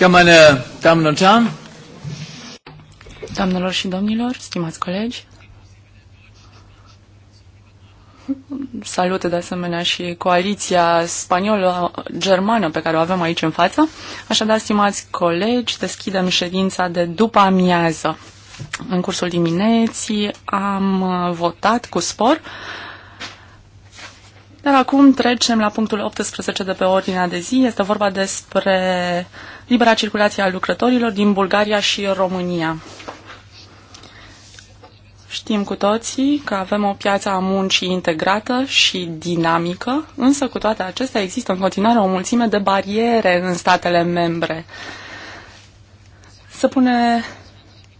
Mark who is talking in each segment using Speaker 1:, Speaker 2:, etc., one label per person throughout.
Speaker 1: Ja, meine Doamnelor și domnilor, stimați colegi, salut de asemenea și coaliția spaniolă-germană pe care o avem aici în față. Așadar, stimați colegi, deschidem ședința de după amiază. În cursul dimineții am votat cu spor iar acum trecem la punctul 18 de pe ordinea de zi. Este vorba despre libera circulație a lucrătorilor din Bulgaria și România. Știm cu toții că avem o piață a muncii integrată și dinamică, însă cu toate acestea există în continuare o mulțime de bariere în statele membre. Se pune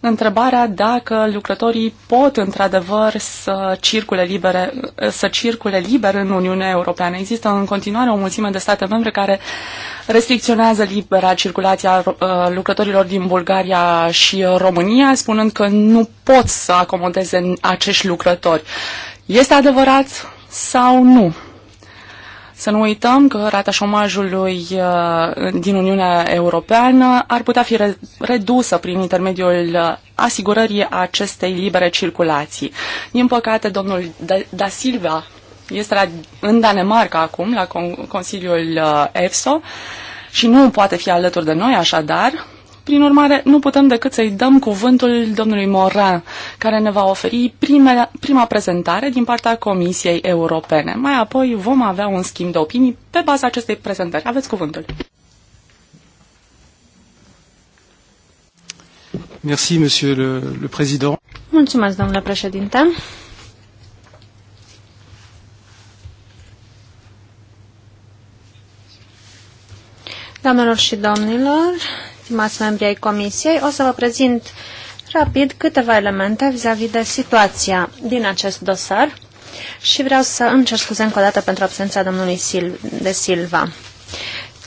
Speaker 1: întrebarea dacă lucrătorii pot într-adevăr să circule, libere, să circule liber în Uniunea Europeană. Există în continuare o mulțime de state membre care restricționează libera circulația uh, lucrătorilor din Bulgaria și România, spunând că nu pot să acomodeze acești lucrători. Este adevărat sau nu? Să nu uităm că rata șomajului uh, din Uniunea Europeană ar putea fi redusă prin intermediul uh, asigurării acestei libere circulații. Din păcate, domnul Da, da Silva este la, în Danemarca acum, la Consiliul uh, EFSO, și nu poate fi alături de noi, așadar, prin urmare, nu putem decât să-i dăm cuvântul domnului Moran, care ne va oferi prime, prima prezentare din partea Comisiei Europene. Mai apoi vom avea un schimb de opinii pe baza acestei prezentări. Aveți cuvântul. Merci, monsieur le, le président.
Speaker 2: Mulțumesc, domnule președinte. Doamnelor și domnilor, stimați membri ai Comisiei, o să vă prezint rapid câteva elemente vis-a-vis -vis de situația din acest dosar și vreau să îmi cer scuze încă o dată pentru absența domnului Sil de Silva.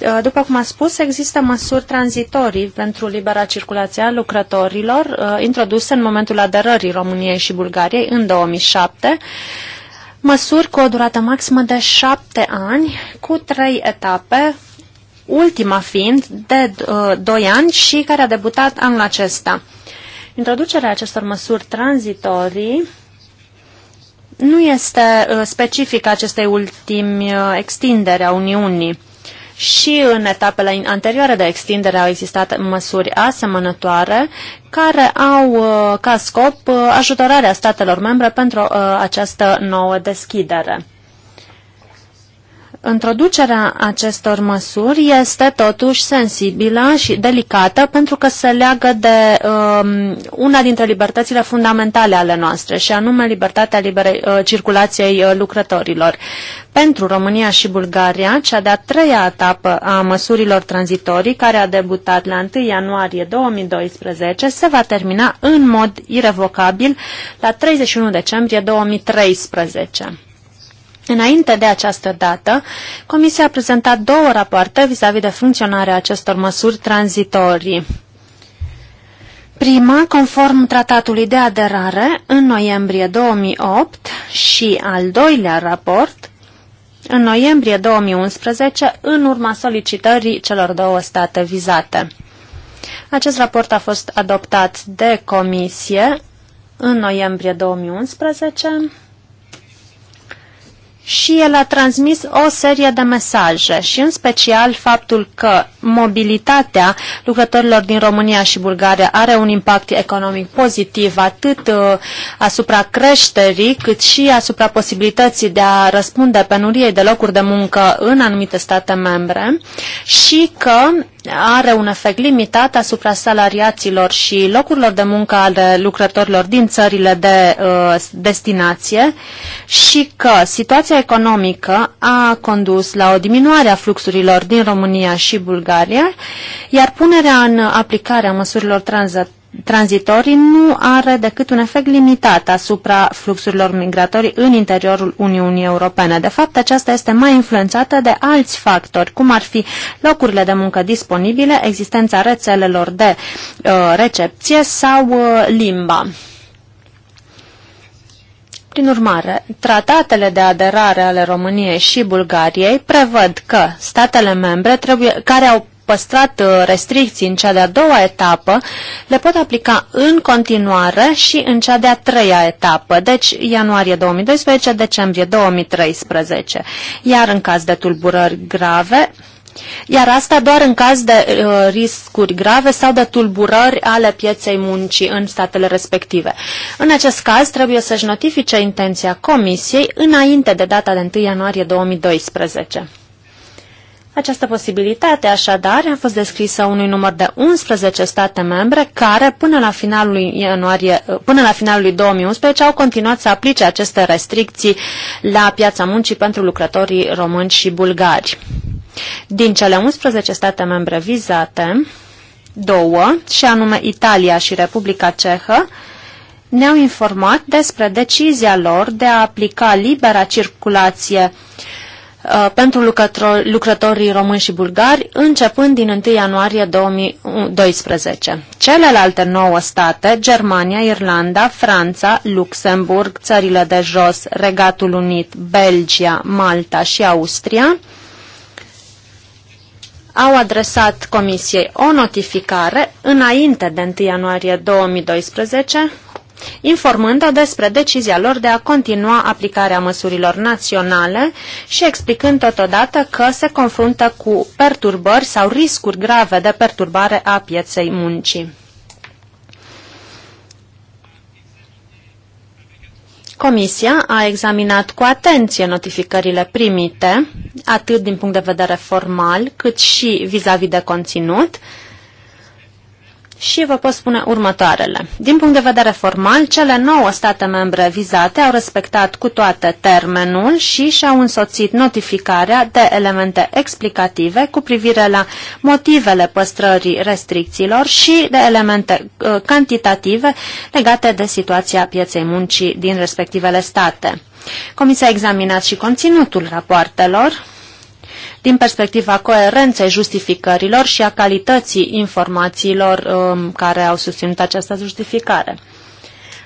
Speaker 2: Uh, după cum a spus, există măsuri tranzitorii pentru libera circulație a lucrătorilor uh, introduse în momentul aderării României și Bulgariei în 2007, măsuri cu o durată maximă de șapte ani, cu trei etape, ultima fiind de 2 uh, ani și care a debutat anul acesta. Introducerea acestor măsuri tranzitorii nu este uh, specifică acestei ultimi uh, extindere a Uniunii. Și în etapele anterioare de extindere au existat măsuri asemănătoare care au ca scop ajutorarea statelor membre pentru această nouă deschidere introducerea acestor măsuri este totuși sensibilă și delicată pentru că se leagă de um, una dintre libertățile fundamentale ale noastre și anume libertatea liberei uh, circulației uh, lucrătorilor. Pentru România și Bulgaria, cea de-a treia etapă a măsurilor tranzitorii, care a debutat la 1 ianuarie 2012, se va termina în mod irrevocabil la 31 decembrie 2013. Înainte de această dată, Comisia a prezentat două rapoarte vis-a-vis -vis de funcționarea acestor măsuri tranzitorii. Prima, conform tratatului de aderare, în noiembrie 2008 și al doilea raport, în noiembrie 2011, în urma solicitării celor două state vizate. Acest raport a fost adoptat de comisie în noiembrie 2011 și el a transmis o serie de mesaje și în special faptul că mobilitatea lucrătorilor din România și Bulgaria are un impact economic pozitiv atât uh, asupra creșterii cât și asupra posibilității de a răspunde penuriei de locuri de muncă în anumite state membre și că are un efect limitat asupra salariaților și locurilor de muncă ale lucrătorilor din țările de uh, destinație și că situația economică a condus la o diminuare a fluxurilor din România și Bulgaria Bulgaria, iar punerea în aplicare a măsurilor tranzitorii nu are decât un efect limitat asupra fluxurilor migratorii în interiorul Uniunii Europene. De fapt, aceasta este mai influențată de alți factori, cum ar fi locurile de muncă disponibile, existența rețelelor de uh, recepție sau uh, limba. Prin urmare, tratatele de aderare ale României și Bulgariei prevăd că statele membre trebuie, care au păstrat uh, restricții în cea de-a doua etapă, le pot aplica în continuare și în cea de-a treia etapă, deci ianuarie 2012, decembrie 2013. Iar în caz de tulburări grave, iar asta doar în caz de uh, riscuri grave sau de tulburări ale pieței muncii în statele respective. În acest caz, trebuie să-și notifice intenția Comisiei înainte de data de 1 ianuarie 2012. Această posibilitate, așadar, a fost descrisă unui număr de 11 state membre care, până la finalul, ianuarie, uh, până la finalul 2011, au continuat să aplice aceste restricții la piața muncii pentru lucrătorii români și bulgari. Din cele 11 state membre vizate, două, și anume Italia și Republica Cehă, ne-au informat despre decizia lor de a aplica libera circulație uh, pentru lucrătorii români și bulgari începând din 1 ianuarie 2012. Celelalte nouă state, Germania, Irlanda, Franța, Luxemburg, țările de jos, Regatul Unit, Belgia, Malta și Austria, au adresat Comisiei o notificare înainte de 1 ianuarie 2012 informând-o despre decizia lor de a continua aplicarea măsurilor naționale și explicând totodată că se confruntă cu perturbări sau riscuri grave de perturbare a pieței muncii. Comisia a examinat cu atenție notificările primite, atât din punct de vedere formal, cât și vis-a-vis -vis de conținut, și vă pot spune următoarele. Din punct de vedere formal, cele nouă state membre vizate au respectat cu toate termenul și și-au însoțit notificarea de elemente explicative cu privire la motivele păstrării restricțiilor și de elemente uh, cantitative legate de situația pieței muncii din respectivele state. Comisia a examinat și conținutul rapoartelor, din perspectiva coerenței justificărilor și a calității informațiilor um, care au susținut această justificare.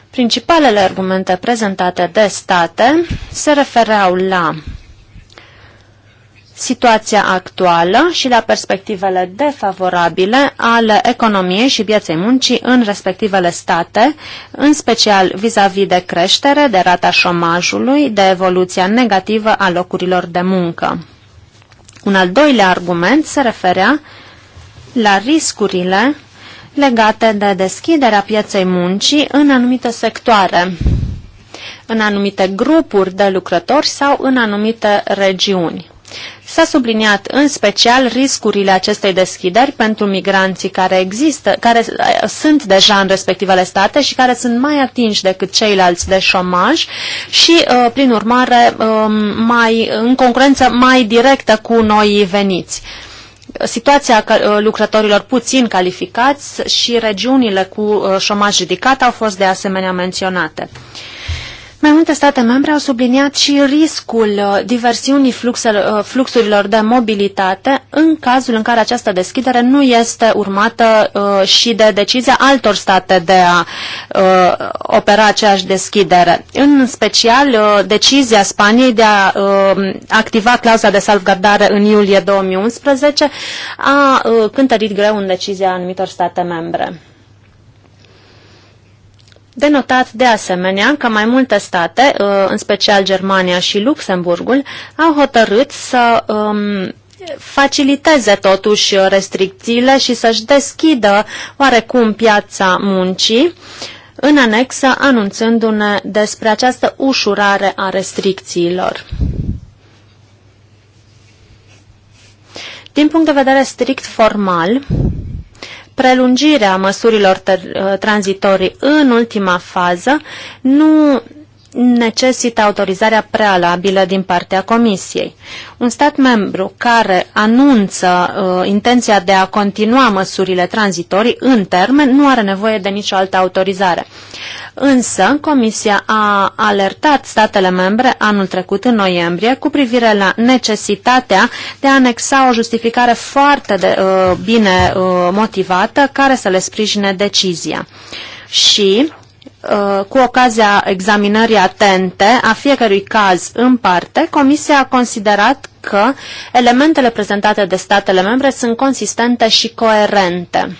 Speaker 2: Principalele argumente prezentate de state se refereau la situația actuală și la perspectivele defavorabile ale economiei și pieței muncii în respectivele state, în special vis-a-vis -vis de creștere, de rata șomajului, de evoluția negativă a locurilor de muncă. Un al doilea argument se referea la riscurile legate de deschiderea pieței muncii în anumite sectoare, în anumite grupuri de lucrători sau în anumite regiuni. S-a subliniat în special riscurile acestei deschideri pentru migranții care există, care uh, sunt deja în respectivele state și care sunt mai atinși decât ceilalți de șomaj și, uh, prin urmare, um, mai, în concurență mai directă cu noi veniți situația uh, lucrătorilor puțin calificați și regiunile cu șomaj ridicat au fost de asemenea menționate. Mai multe state membre au subliniat și riscul uh, diversiunii uh, fluxurilor de mobilitate în cazul în care această deschidere nu este urmată uh, și de decizia altor state de a opera aceeași deschidere. În special, decizia Spaniei de a activa clauza de salvgardare în iulie 2011 a cântărit greu în decizia anumitor state membre. Denotat de asemenea, că mai multe state, uh, în special Germania și Luxemburgul, au hotărât să um, faciliteze totuși restricțiile și să-și deschidă oarecum piața muncii, în anexă anunțându-ne despre această ușurare a restricțiilor. Din punct de vedere strict formal, prelungirea măsurilor uh, tranzitorii în ultima fază nu necesită autorizarea prealabilă din partea Comisiei. Un stat membru care anunță uh, intenția de a continua măsurile tranzitorii în termen nu are nevoie de nicio altă autorizare. Însă, Comisia a alertat statele membre anul trecut, în noiembrie, cu privire la necesitatea de a anexa o justificare foarte de, uh, bine uh, motivată care să le sprijine decizia. Și Uh, cu ocazia examinării atente a fiecărui caz în parte, Comisia a considerat că elementele prezentate de statele membre sunt consistente și coerente.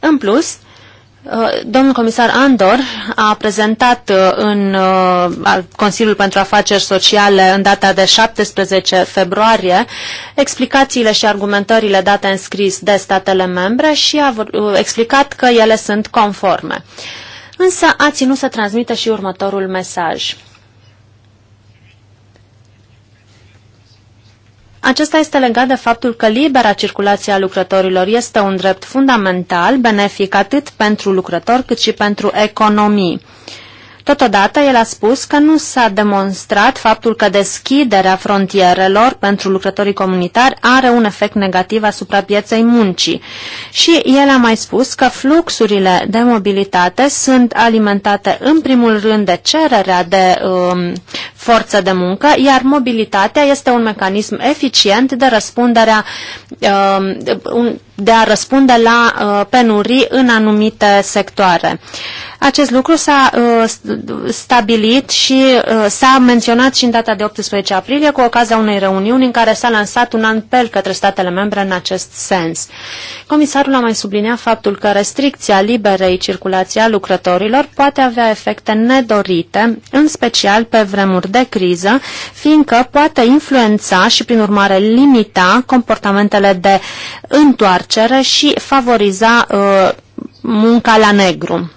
Speaker 2: În plus, uh, Domnul comisar Andor a prezentat uh, în Consiliul pentru Afaceri Sociale în data de 17 februarie explicațiile și argumentările date în scris de statele membre și a explicat că ele sunt conforme însă a ținut să transmită și următorul mesaj. Acesta este legat de faptul că libera circulație a lucrătorilor este un drept fundamental, benefic atât pentru lucrători cât și pentru economii. Totodată, el a spus că nu s-a demonstrat faptul că deschiderea frontierelor pentru lucrătorii comunitari are un efect negativ asupra pieței muncii. Și el a mai spus că fluxurile de mobilitate sunt alimentate în primul rând de cererea de um, forță de muncă, iar mobilitatea este un mecanism eficient de răspunderea um, de a răspunde la uh, penurii în anumite sectoare. Acest lucru s-a uh, stabilit și uh, s-a menționat și în data de 18 aprilie cu ocazia unei reuniuni în care s-a lansat un apel către statele membre în acest sens. Comisarul a mai subliniat faptul că restricția liberei circulației a lucrătorilor poate avea efecte nedorite, în special pe vremuri de criză, fiindcă poate influența și prin urmare limita comportamentele de întoarcere întoarcere și favoriza uh, munca la negru.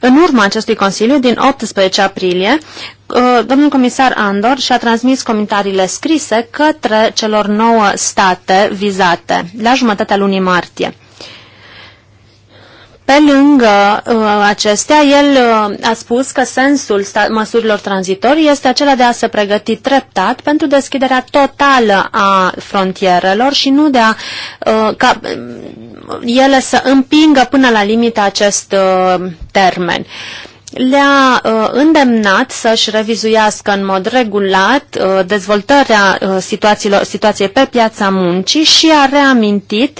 Speaker 2: În urma acestui Consiliu, din 18 aprilie, uh, domnul comisar Andor și-a transmis comentariile scrise către celor nouă state vizate la jumătatea lunii martie. Pe lângă uh, acestea, el uh, a spus că sensul măsurilor tranzitorii este acela de a se pregăti treptat pentru deschiderea totală a frontierelor și nu de a uh, ca mm, ele să împingă până la limită acest uh, termen. Le-a uh, îndemnat să-și revizuiască în mod regulat uh, dezvoltarea uh, situației pe piața muncii și a reamintit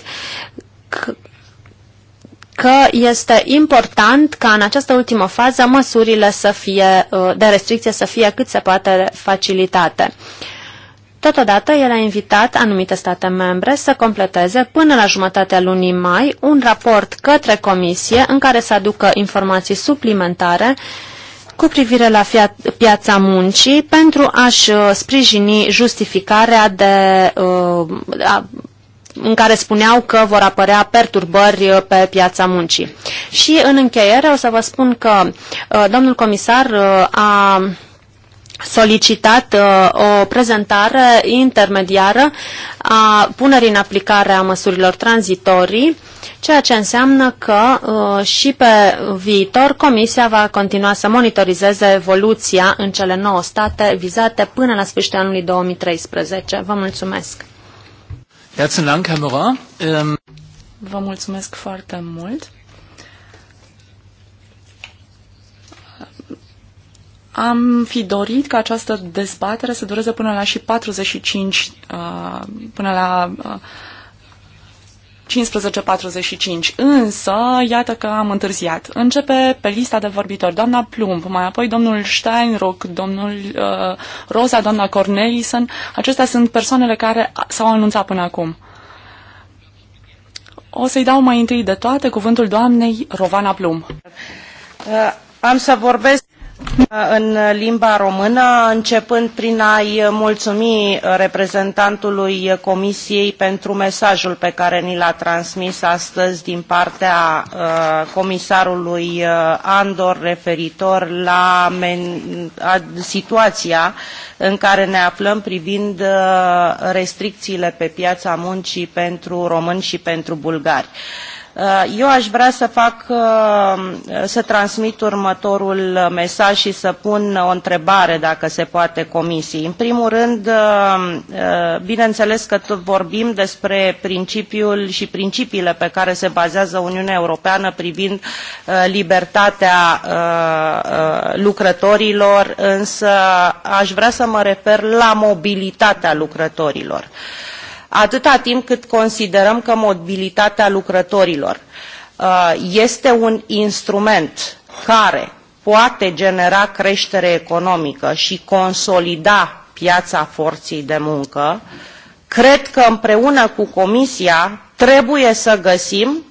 Speaker 2: că este important ca în această ultimă fază măsurile să fie, uh, de restricție să fie cât se poate facilitate. Totodată, el a invitat anumite state membre să completeze până la jumătatea lunii mai un raport către comisie în care să aducă informații suplimentare cu privire la piața muncii pentru a-și uh, sprijini justificarea de, uh, a, în care spuneau că vor apărea perturbări uh, pe piața muncii. Și în încheiere o să vă spun că uh, domnul comisar uh, a solicitat o prezentare intermediară a punerii în aplicare a măsurilor tranzitorii, ceea ce înseamnă că și pe viitor Comisia va continua să monitorizeze evoluția în cele nouă state vizate până la sfârșitul anului 2013. Vă mulțumesc!
Speaker 1: Herzlichen Dank, Herr Morin. Ähm Vă mulțumesc foarte mult. Am fi dorit ca această dezbatere să dureze până la și 45, uh, până la uh, 15.45, însă iată că am întârziat. Începe pe lista de vorbitori doamna Plumb, mai apoi domnul Steinrock, domnul uh, Rosa, doamna Cornelison. Acestea sunt persoanele care s-au anunțat până acum. O să-i dau mai întâi de toate cuvântul doamnei Rovana Plumb. Uh, am să vorbesc în
Speaker 3: limba română, începând prin a-i mulțumi reprezentantului Comisiei pentru mesajul pe care ni l-a transmis astăzi din partea uh, comisarului uh, Andor referitor la situația în care ne aflăm privind uh, restricțiile pe piața muncii pentru români și pentru bulgari. Uh, eu aș vrea să fac, uh, să transmit următorul mesaj și să pun o întrebare, dacă se poate, comisiei. În primul rând, uh, bineînțeles că tot vorbim despre principiul și principiile pe care se bazează Uniunea Europeană privind libertatea lucrătorilor, însă aș vrea să mă refer la mobilitatea lucrătorilor atâta timp cât considerăm că mobilitatea lucrătorilor uh, este un instrument care poate genera creștere economică și consolida piața forței de muncă, cred că împreună cu Comisia trebuie să găsim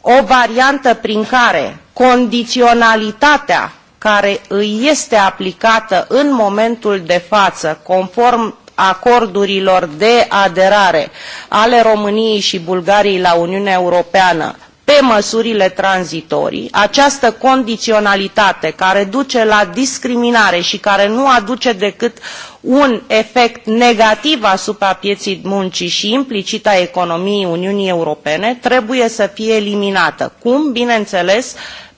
Speaker 3: o variantă prin care condiționalitatea care îi este aplicată în momentul de față, conform acordurilor de aderare ale României și Bulgariei la Uniunea Europeană pe măsurile tranzitorii, această condiționalitate care duce la discriminare și care nu aduce decât un efect negativ asupra pieții muncii și implicit a economiei Uniunii Europene, trebuie să fie eliminată. Cum? Bineînțeles,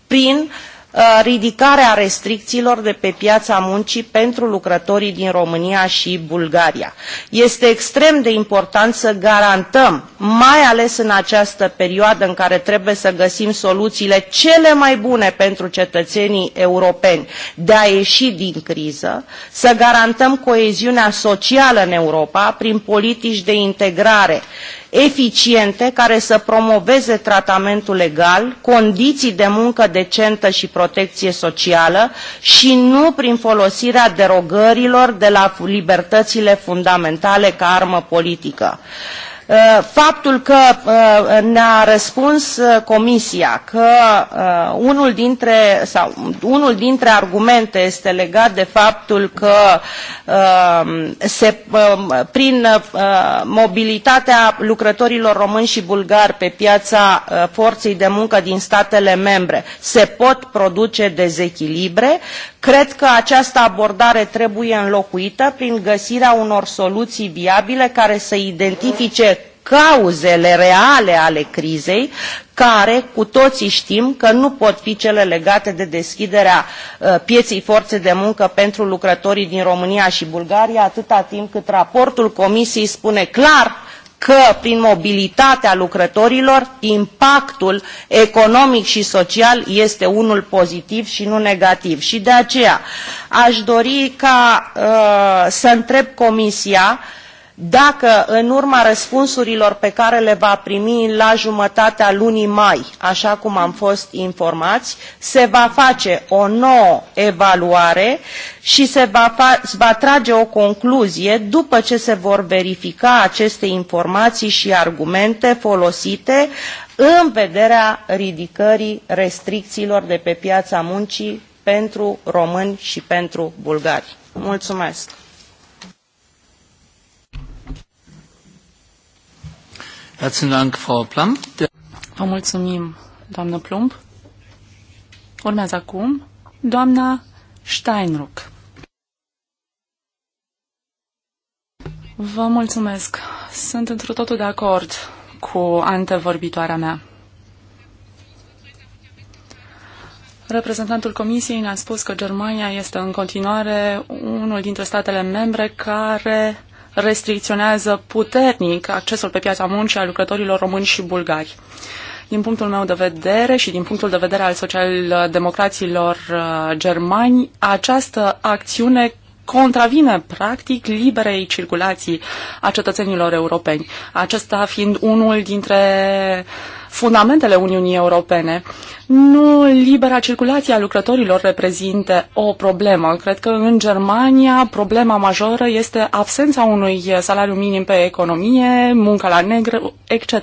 Speaker 3: prin Uh, ridicarea restricțiilor de pe piața muncii pentru lucrătorii din România și Bulgaria. Este extrem de important să garantăm, mai ales în această perioadă în care trebuie să găsim soluțiile cele mai bune pentru cetățenii europeni de a ieși din criză, să garantăm coeziunea socială în Europa prin politici de integrare eficiente care să promoveze tratamentul legal, condiții de muncă decentă și protecție socială și nu prin folosirea derogărilor de la libertățile fundamentale ca armă politică. Uh, faptul că uh, ne-a răspuns uh, Comisia că unul dintre, sau unul dintre argumente este legat de faptul că um, se, um, prin mobilitatea lucrătorilor români și bulgari pe piața forței de muncă din statele membre se pot produce dezechilibre, cred că această abordare trebuie înlocuită prin găsirea unor soluții viabile care să identifice cauzele reale ale crizei, care cu toții știm că nu pot fi cele legate de deschiderea uh, pieței forței de muncă pentru lucrătorii din România și Bulgaria, atâta timp cât raportul Comisiei spune clar că prin mobilitatea lucrătorilor impactul economic și social este unul pozitiv și nu negativ. Și de aceea aș dori ca uh, să întreb Comisia uh, dacă în urma răspunsurilor pe care le va primi la jumătatea lunii mai, așa cum am fost informați, se va face o nouă evaluare și se va, va trage o concluzie după ce se vor verifica aceste informații și argumente folosite în vederea ridicării restricțiilor de pe piața muncii pentru români și pentru bulgari.
Speaker 1: Mulțumesc! Vă mulțumim, doamnă Plumb. Urmează acum doamna Steinruck. Vă mulțumesc. Sunt într totul de acord cu antevorbitoarea mea. Reprezentantul Comisiei ne-a spus că Germania este în continuare unul dintre statele membre care restricționează puternic accesul pe piața muncii a lucrătorilor români și bulgari. Din punctul meu de vedere și din punctul de vedere al socialdemocraților uh, germani, această acțiune contravine practic liberei circulații a cetățenilor europeni. Acesta fiind unul dintre uh, fundamentele Uniunii Europene. Nu libera circulație a lucrătorilor reprezintă o problemă. Cred că în Germania problema majoră este absența unui salariu minim pe economie, munca la negru, etc.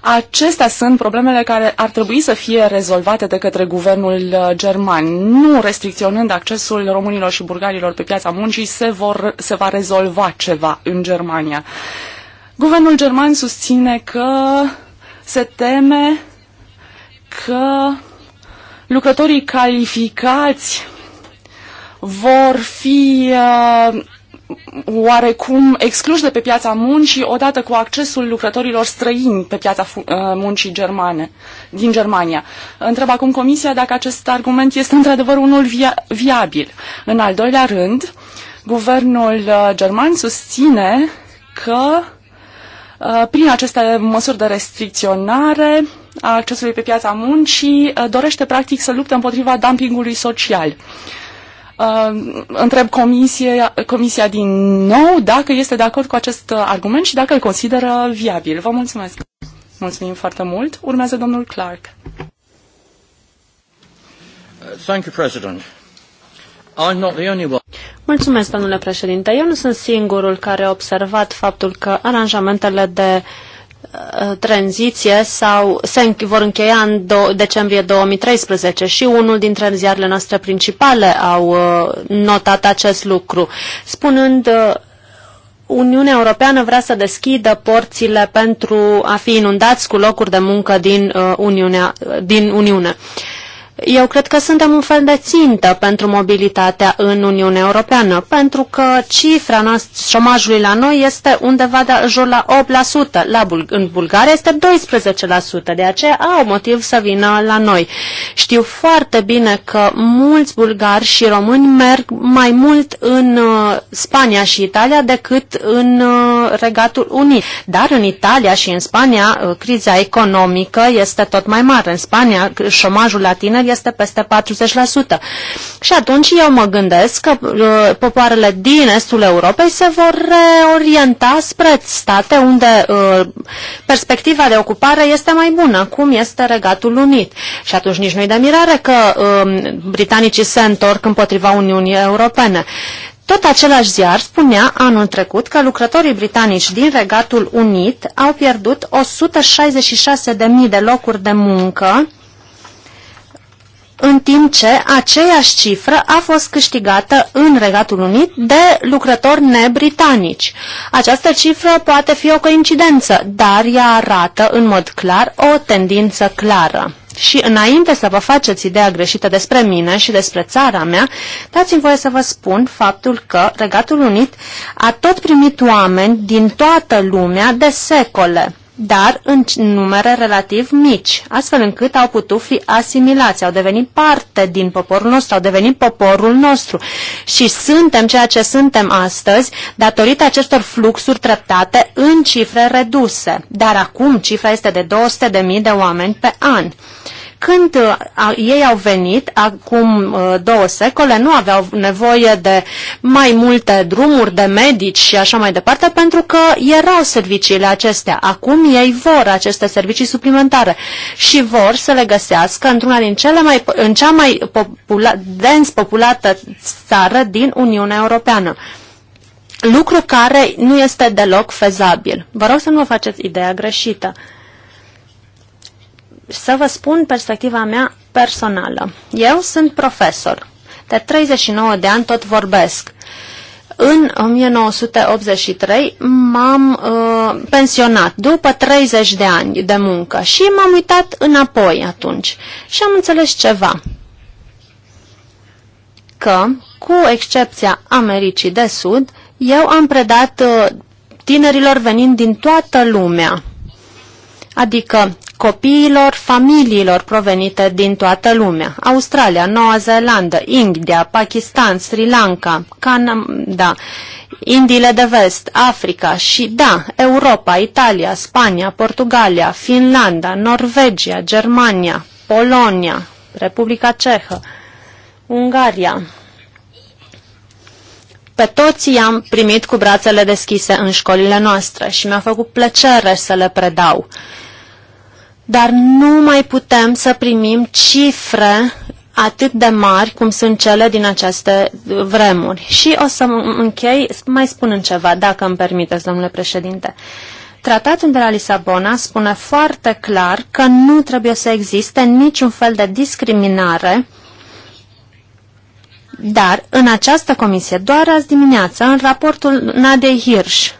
Speaker 1: Acestea sunt problemele care ar trebui să fie rezolvate de către guvernul uh, german. Nu restricționând accesul românilor și bulgarilor pe piața muncii, se, vor, se va rezolva ceva în Germania. Guvernul german susține că se teme că lucrătorii calificați vor fi uh, oarecum excluși de pe piața muncii odată cu accesul lucrătorilor străini pe piața uh, muncii germane, din Germania. Întreb acum Comisia dacă acest argument este într-adevăr unul via viabil. În al doilea rând, guvernul uh, german susține că Uh, prin aceste măsuri de restricționare a accesului pe piața muncii, uh, dorește practic să lupte împotriva dumpingului social. Uh, întreb comisie, comisia din nou dacă este de acord cu acest argument și dacă îl consideră viabil. Vă mulțumesc! Mulțumim foarte mult. Urmează domnul Clark.
Speaker 3: Thank you, President. I'm not the only one.
Speaker 2: Mulțumesc, domnule președinte. Eu nu sunt singurul care a observat faptul că aranjamentele de uh, tranziție sau se vor încheia în do- decembrie 2013 și unul dintre ziarele noastre principale au uh, notat acest lucru, spunând uh, Uniunea Europeană vrea să deschidă porțile pentru a fi inundați cu locuri de muncă din, uh, Uniunea, din Uniune. Uh, eu cred că suntem un fel de țintă pentru mobilitatea în Uniunea Europeană, pentru că cifra noastră șomajului la noi este undeva de jur la 8%, la Bul în Bulgaria este 12%, de aceea au motiv să vină la noi. Știu foarte bine că mulți bulgari și români merg mai mult în uh, Spania și Italia decât în uh, Regatul Unit. Dar în Italia și în Spania uh, criza economică este tot mai mare. În Spania șomajul la tineri este peste 40%. Și atunci eu mă gândesc că uh, popoarele din estul Europei se vor reorienta spre state unde uh, perspectiva de ocupare este mai bună, cum este Regatul Unit. Și atunci nici nu-i de mirare că um, britanicii se întorc împotriva Uniunii Europene. Tot același ziar spunea anul trecut că lucrătorii britanici din Regatul Unit au pierdut 166.000 de locuri de muncă în timp ce aceeași cifră a fost câștigată în Regatul Unit de lucrători nebritanici. Această cifră poate fi o coincidență, dar ea arată în mod clar o tendință clară. Și înainte să vă faceți ideea greșită despre mine și despre țara mea, dați-mi voie să vă spun faptul că Regatul Unit a tot primit oameni din toată lumea de secole dar în numere relativ mici, astfel încât au putut fi asimilați, au devenit parte din poporul nostru, au devenit poporul nostru. Și suntem ceea ce suntem astăzi datorită acestor fluxuri treptate în cifre reduse. Dar acum cifra este de 200.000 de oameni pe an. Când uh, a, ei au venit, acum uh, două secole, nu aveau nevoie de mai multe drumuri, de medici și așa mai departe, pentru că erau serviciile acestea. Acum ei vor aceste servicii suplimentare și vor să le găsească într-una din cele mai, în cea mai popula, dens populată țară din Uniunea Europeană lucru care nu este deloc fezabil. Vă rog să nu vă faceți ideea greșită să vă spun perspectiva mea personală. Eu sunt profesor. De 39 de ani tot vorbesc. În 1983 m-am uh, pensionat după 30 de ani de muncă și m-am uitat înapoi atunci și am înțeles ceva. Că, cu excepția Americii de Sud, eu am predat uh, tinerilor venind din toată lumea. Adică copiilor familiilor provenite din toată lumea. Australia, Noua Zeelandă, India, Pakistan, Sri Lanka, Canada, Indiile de vest, Africa și, da, Europa, Italia, Spania, Portugalia, Finlanda, Norvegia, Germania, Polonia, Republica Cehă, Ungaria. Pe toți i-am primit cu brațele deschise în școlile noastre și mi-a făcut plăcere să le predau dar nu mai putem să primim cifre atât de mari cum sunt cele din aceste vremuri. Și o să închei mai spunând ceva, dacă îmi permiteți, domnule președinte. Tratatul de la Lisabona spune foarte clar că nu trebuie să existe niciun fel de discriminare dar, în această comisie, doar azi dimineață, în raportul Nadei Hirsch,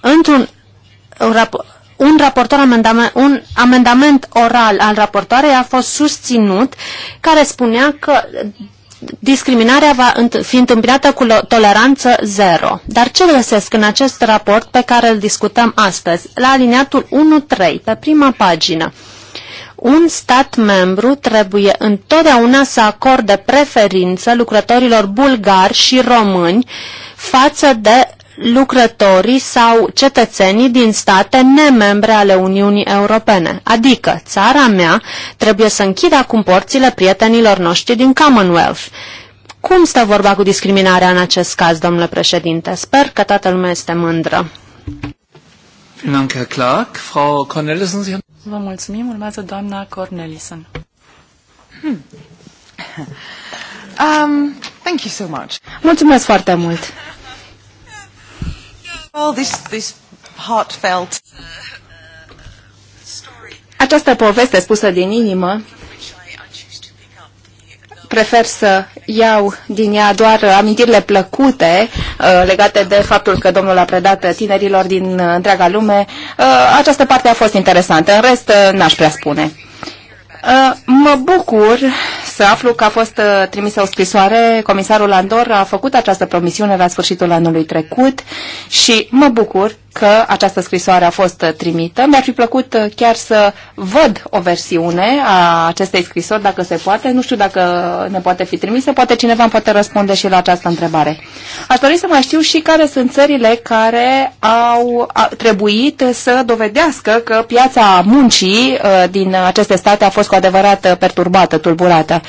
Speaker 2: într-un rap un, raportor amendament, un amendament oral al raportoarei a fost susținut care spunea că discriminarea va fi întâmpinată cu toleranță zero. Dar ce găsesc în acest raport pe care îl discutăm astăzi? La aliniatul 1.3, pe prima pagină. Un stat membru trebuie întotdeauna să acorde preferință lucrătorilor bulgari și români față de lucrătorii sau cetățenii din state nemembre ale Uniunii Europene. Adică, țara mea trebuie să închidă acum porțile prietenilor noștri din Commonwealth. Cum stă vorba cu discriminarea în acest caz, domnule președinte? Sper că toată lumea este mândră.
Speaker 1: Vă mulțumim. Urmează doamna Cornelissen. Hmm. Um,
Speaker 4: thank you so much. Mulțumesc foarte mult.
Speaker 3: Această poveste
Speaker 4: spusă din inimă prefer să iau din ea doar amintirile plăcute uh, legate de faptul că domnul a predat tinerilor din uh, întreaga lume. Uh, această parte a fost interesantă, în rest n-aș prea spune. Mă bucur să aflu că a fost uh, trimisă o scrisoare. Comisarul Andor a făcut această promisiune la sfârșitul anului trecut și mă bucur că această scrisoare a fost trimită. Mi-ar fi plăcut uh, chiar să văd o versiune a acestei scrisori, dacă se poate. Nu știu dacă ne poate fi trimisă, poate cineva îmi poate răspunde și la această întrebare. Aș dori să mai știu și care sunt țările care au trebuit să dovedească că piața muncii uh, din aceste state a fost cu adevărat uh, perturbată, tulburată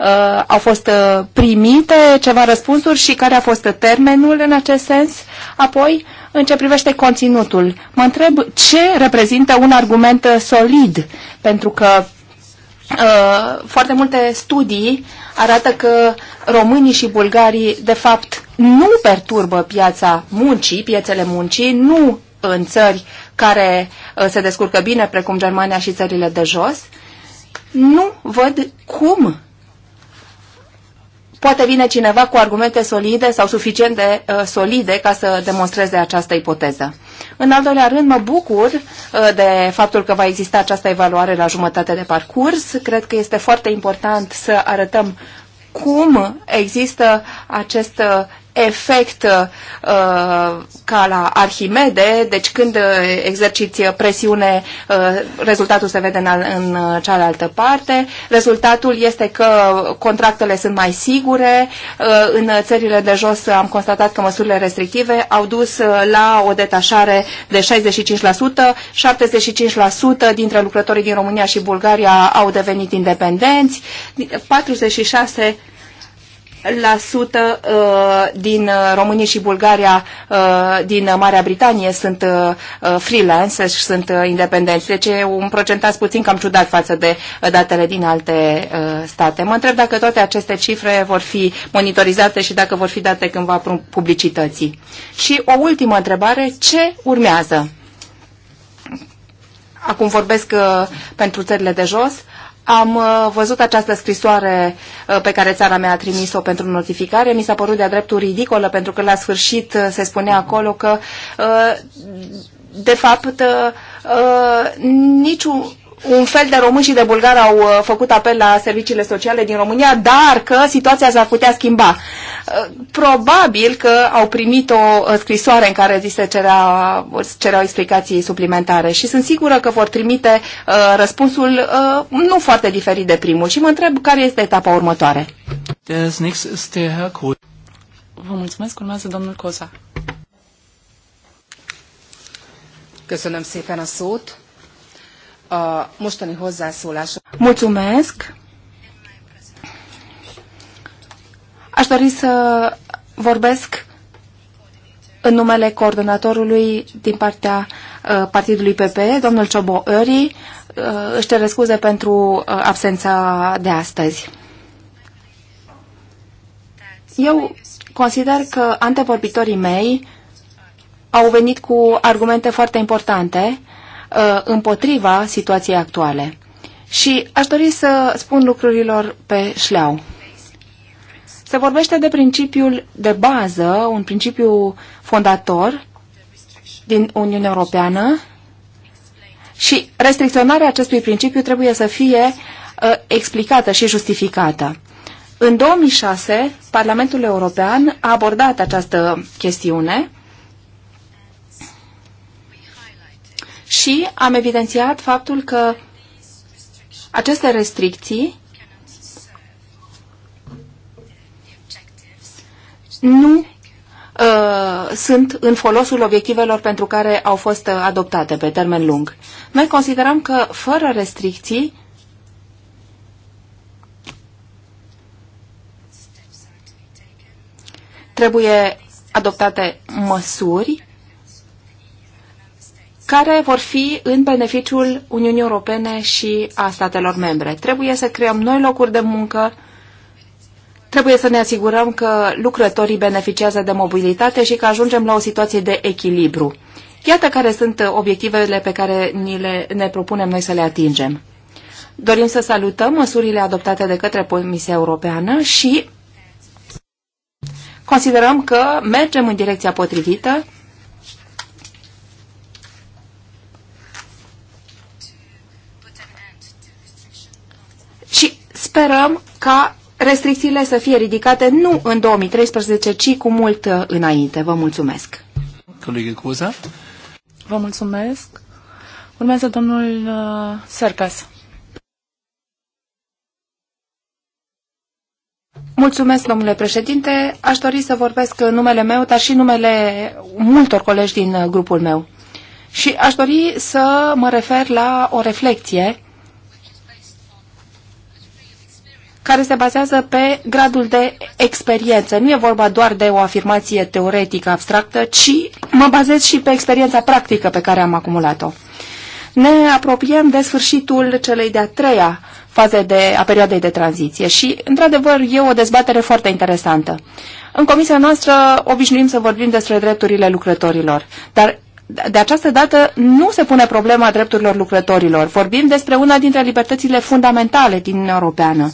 Speaker 4: uh, au fost uh, primite ceva răspunsuri și care a fost termenul în acest sens. Apoi, în ce privește conținutul, mă întreb ce reprezintă un argument uh, solid, pentru că uh, foarte multe studii arată că românii și bulgarii, de fapt, nu perturbă piața muncii, piețele muncii, nu în țări care uh, se descurcă bine, precum Germania și țările de jos, nu văd cum poate vine cineva cu argumente solide sau suficient de uh, solide ca să demonstreze această ipoteză. În al doilea rând, mă bucur uh, de faptul că va exista această evaluare la jumătate de parcurs. Cred că este foarte important să arătăm cum există acest uh, efect uh, ca la Arhimede, deci când exerciți presiune, uh, rezultatul se vede în, al, în cealaltă parte. Rezultatul este că contractele sunt mai sigure. Uh, în țările de jos am constatat că măsurile restrictive au dus uh, la o detașare de 65%, 75% dintre lucrătorii din România și Bulgaria au devenit independenți, 46 Uh, din uh, România și Bulgaria uh, din Marea Britanie sunt freelance și sunt independenți. Deci e un procentaj puțin cam ciudat față de datele din alte state. Mă întreb dacă toate aceste cifre vor fi monitorizate și dacă vor fi date cândva publicității. Și o ultimă întrebare, ce urmează? Acum vorbesc pentru țările de jos am uh, văzut această scrisoare uh, pe care țara mea a trimis-o pentru notificare. Mi s-a părut de-a dreptul ridicolă pentru că la sfârșit uh, se spunea acolo că de fapt niciun un fel de români și de bulgari au uh, făcut apel la serviciile sociale din România, dar că situația s-ar putea schimba. Uh, probabil că au primit o uh, scrisoare în care se cerea, cereau explicații suplimentare și sunt sigură că vor trimite răspunsul nu foarte diferit de primul și mă întreb care este etapa următoare.
Speaker 1: Vă mulțumesc, urmează domnul Coza.
Speaker 4: Köszönöm szépen a szót a mostani hozzászólások. Mulțumesc! Aș dori să vorbesc în numele coordonatorului din partea partidului PP, domnul Ciobo Ori, își cere scuze pentru absența de astăzi. Eu consider că antevorbitorii mei au venit cu argumente foarte importante Uh, împotriva situației actuale. Și aș dori să spun lucrurilor pe șleau. Se vorbește de principiul de bază, un principiu fondator din Uniunea Europeană și restricționarea acestui principiu trebuie să fie uh, explicată și justificată. În 2006, Parlamentul European a abordat această chestiune și am evidențiat faptul că aceste restricții nu uh, sunt în folosul obiectivelor pentru care au fost uh, adoptate pe termen lung. Noi considerăm că fără restricții trebuie adoptate măsuri care vor fi în beneficiul Uniunii Europene și a statelor membre. Trebuie să creăm noi locuri de muncă, trebuie să ne asigurăm că lucrătorii beneficiază de mobilitate și că ajungem la o situație de echilibru. Iată care sunt obiectivele pe care ni le, ne propunem noi să le atingem. Dorim să salutăm măsurile adoptate de către Comisia Europeană și considerăm că mergem în direcția potrivită Sperăm ca restricțiile să fie ridicate nu în 2013, ci cu mult uh, înainte. Vă mulțumesc.
Speaker 1: Colegă Cuza. Vă mulțumesc. Urmează domnul uh, Sercas. Mulțumesc, domnule
Speaker 4: președinte. Aș dori să vorbesc în numele meu, dar și numele multor colegi din uh, grupul meu. Și aș dori să mă refer la o reflecție care se bazează pe gradul de experiență. Nu e vorba doar de o afirmație teoretică abstractă, ci mă bazez și pe experiența practică pe care am acumulat-o. Ne apropiem de sfârșitul celei de-a treia faze de, a perioadei de tranziție și, într-adevăr, e o dezbatere foarte interesantă. În comisia noastră obișnuim să vorbim despre drepturile lucrătorilor, dar de această dată nu se pune problema drepturilor lucrătorilor. Vorbim despre una dintre libertățile fundamentale din Europeană.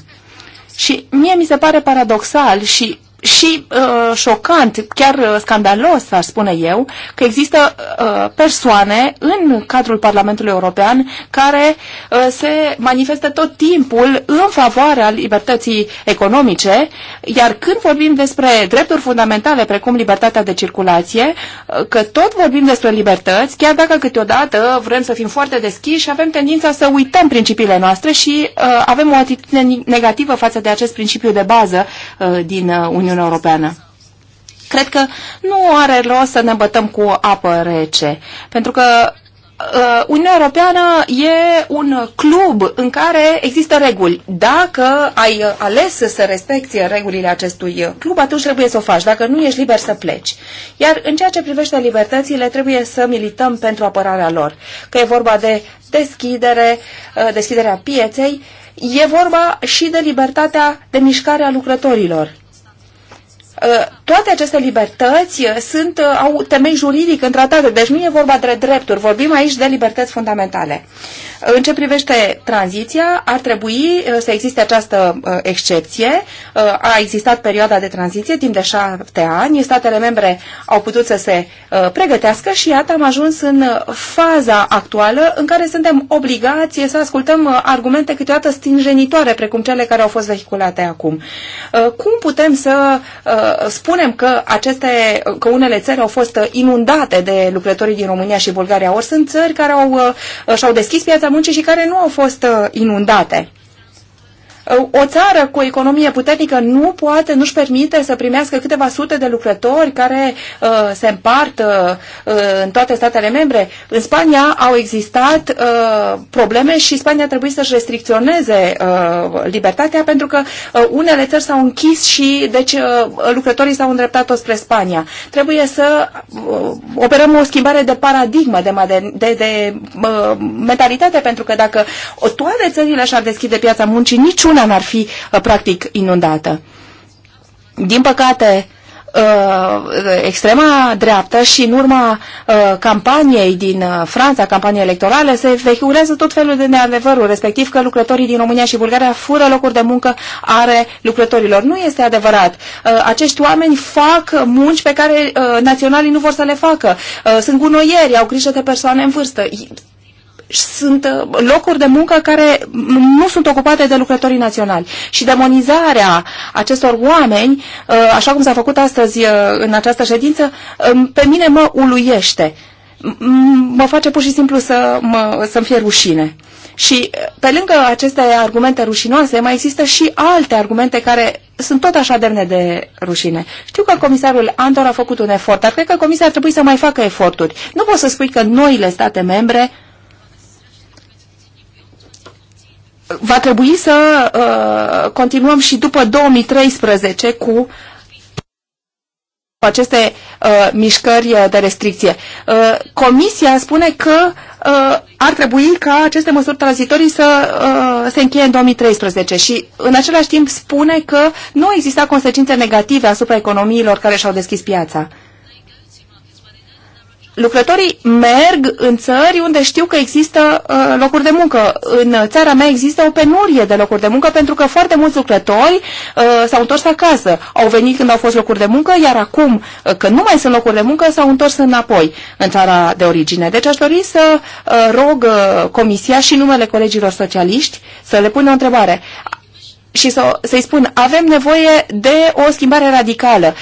Speaker 4: Și mie mi se pare paradoxal și și uh, șocant, chiar uh, scandalos, aș spune eu, că există uh, persoane în cadrul Parlamentului European care uh, se manifestă tot timpul în favoarea libertății economice, iar când vorbim despre drepturi fundamentale, precum libertatea de circulație, uh, că tot vorbim despre libertăți, chiar dacă câteodată vrem să fim foarte deschiși și avem tendința să uităm principiile noastre și uh, avem o atitudine negativă față de acest principiu de bază uh, din uh, Uniunea Uniunea Europeană. Cred că nu are rost să ne bătăm cu apă rece, pentru că Uh, Uniunea Europeană e un club în care există reguli. Dacă ai ales să respecti regulile acestui club, atunci trebuie să o faci. Dacă nu, ești liber să pleci. Iar în ceea ce privește libertățile, trebuie să milităm pentru apărarea lor. Că e vorba de deschidere, uh, deschiderea pieței, e vorba și de libertatea de mișcare a lucrătorilor. Uh, toate aceste libertăți uh, sunt, uh, au temei juridic în tratate, deci nu e vorba de drepturi, vorbim aici de libertăți fundamentale. În ce privește tranziția, ar trebui să existe această excepție. A existat perioada de tranziție timp de șapte ani, statele membre au putut să se pregătească și iată am ajuns în faza actuală în care suntem obligați să ascultăm argumente câteodată stingenitoare, precum cele care au fost vehiculate acum. Cum putem să Uh, spunem că, aceste, că unele țări au fost uh, inundate de lucrătorii din România și Bulgaria, ori sunt țări care au, uh, și-au deschis piața muncii și care nu au fost inundate o țară cu o economie puternică nu poate, nu-și permite să primească câteva sute de lucrători care uh, se împart uh, în toate statele membre. În Spania au existat uh, probleme și Spania trebuie să-și restricționeze uh, libertatea pentru că uh, unele țări s-au închis și deci uh, lucrătorii s-au îndreptat-o spre Spania. Trebuie să uh, operăm o schimbare de paradigmă, de, de, de uh, mentalitate, pentru că dacă toate țările și-ar deschide piața muncii, niciun zona n-ar fi uh, practic inundată. Din păcate, uh, extrema dreaptă și în urma uh, campaniei din Franța, campanie electorale, se vehiculează tot felul de neadevăruri, respectiv că lucrătorii din România și Bulgaria fură locuri de muncă are lucrătorilor. Nu este adevărat. Acești oameni fac munci pe care naționalii nu vor să le facă. Sunt gunoieri, au grijă de persoane în vârstă sunt uh, locuri de muncă care nu sunt ocupate de lucrătorii naționali. Și demonizarea acestor oameni, uh, așa cum s-a făcut astăzi uh, în această ședință, um, pe mine mă uluiește. Mă face pur și simplu să mă, să-mi fie rușine. Și pe lângă aceste argumente rușinoase, mai există și alte argumente care sunt tot așa demne de rușine. Știu că comisarul Andor a făcut un efort, dar cred că comisia ar trebui să mai facă eforturi. Nu poți să spui că noile state membre uh, va trebui să uh, continuăm și după 2013 cu aceste uh, mișcări uh, de restricție. Uh, comisia spune că uh, ar trebui ca aceste măsuri tranzitorii să uh, se încheie în 2013 și în același timp spune că nu exista consecințe negative asupra economiilor care și-au deschis piața. Uh, lucrătorii merg în țări unde știu că există uh, locuri de muncă. În țara mea există o penurie de locuri de muncă pentru că foarte mulți lucrători uh, s-au întors acasă. Au venit când au fost locuri de muncă, iar acum uh, că nu mai sunt locuri de muncă, s-au întors înapoi în țara de origine. Deci aș dori să uh, rog uh, Comisia și numele colegilor socialiști să le pună o întrebare și să, să-i spun, avem nevoie de o schimbare radicală.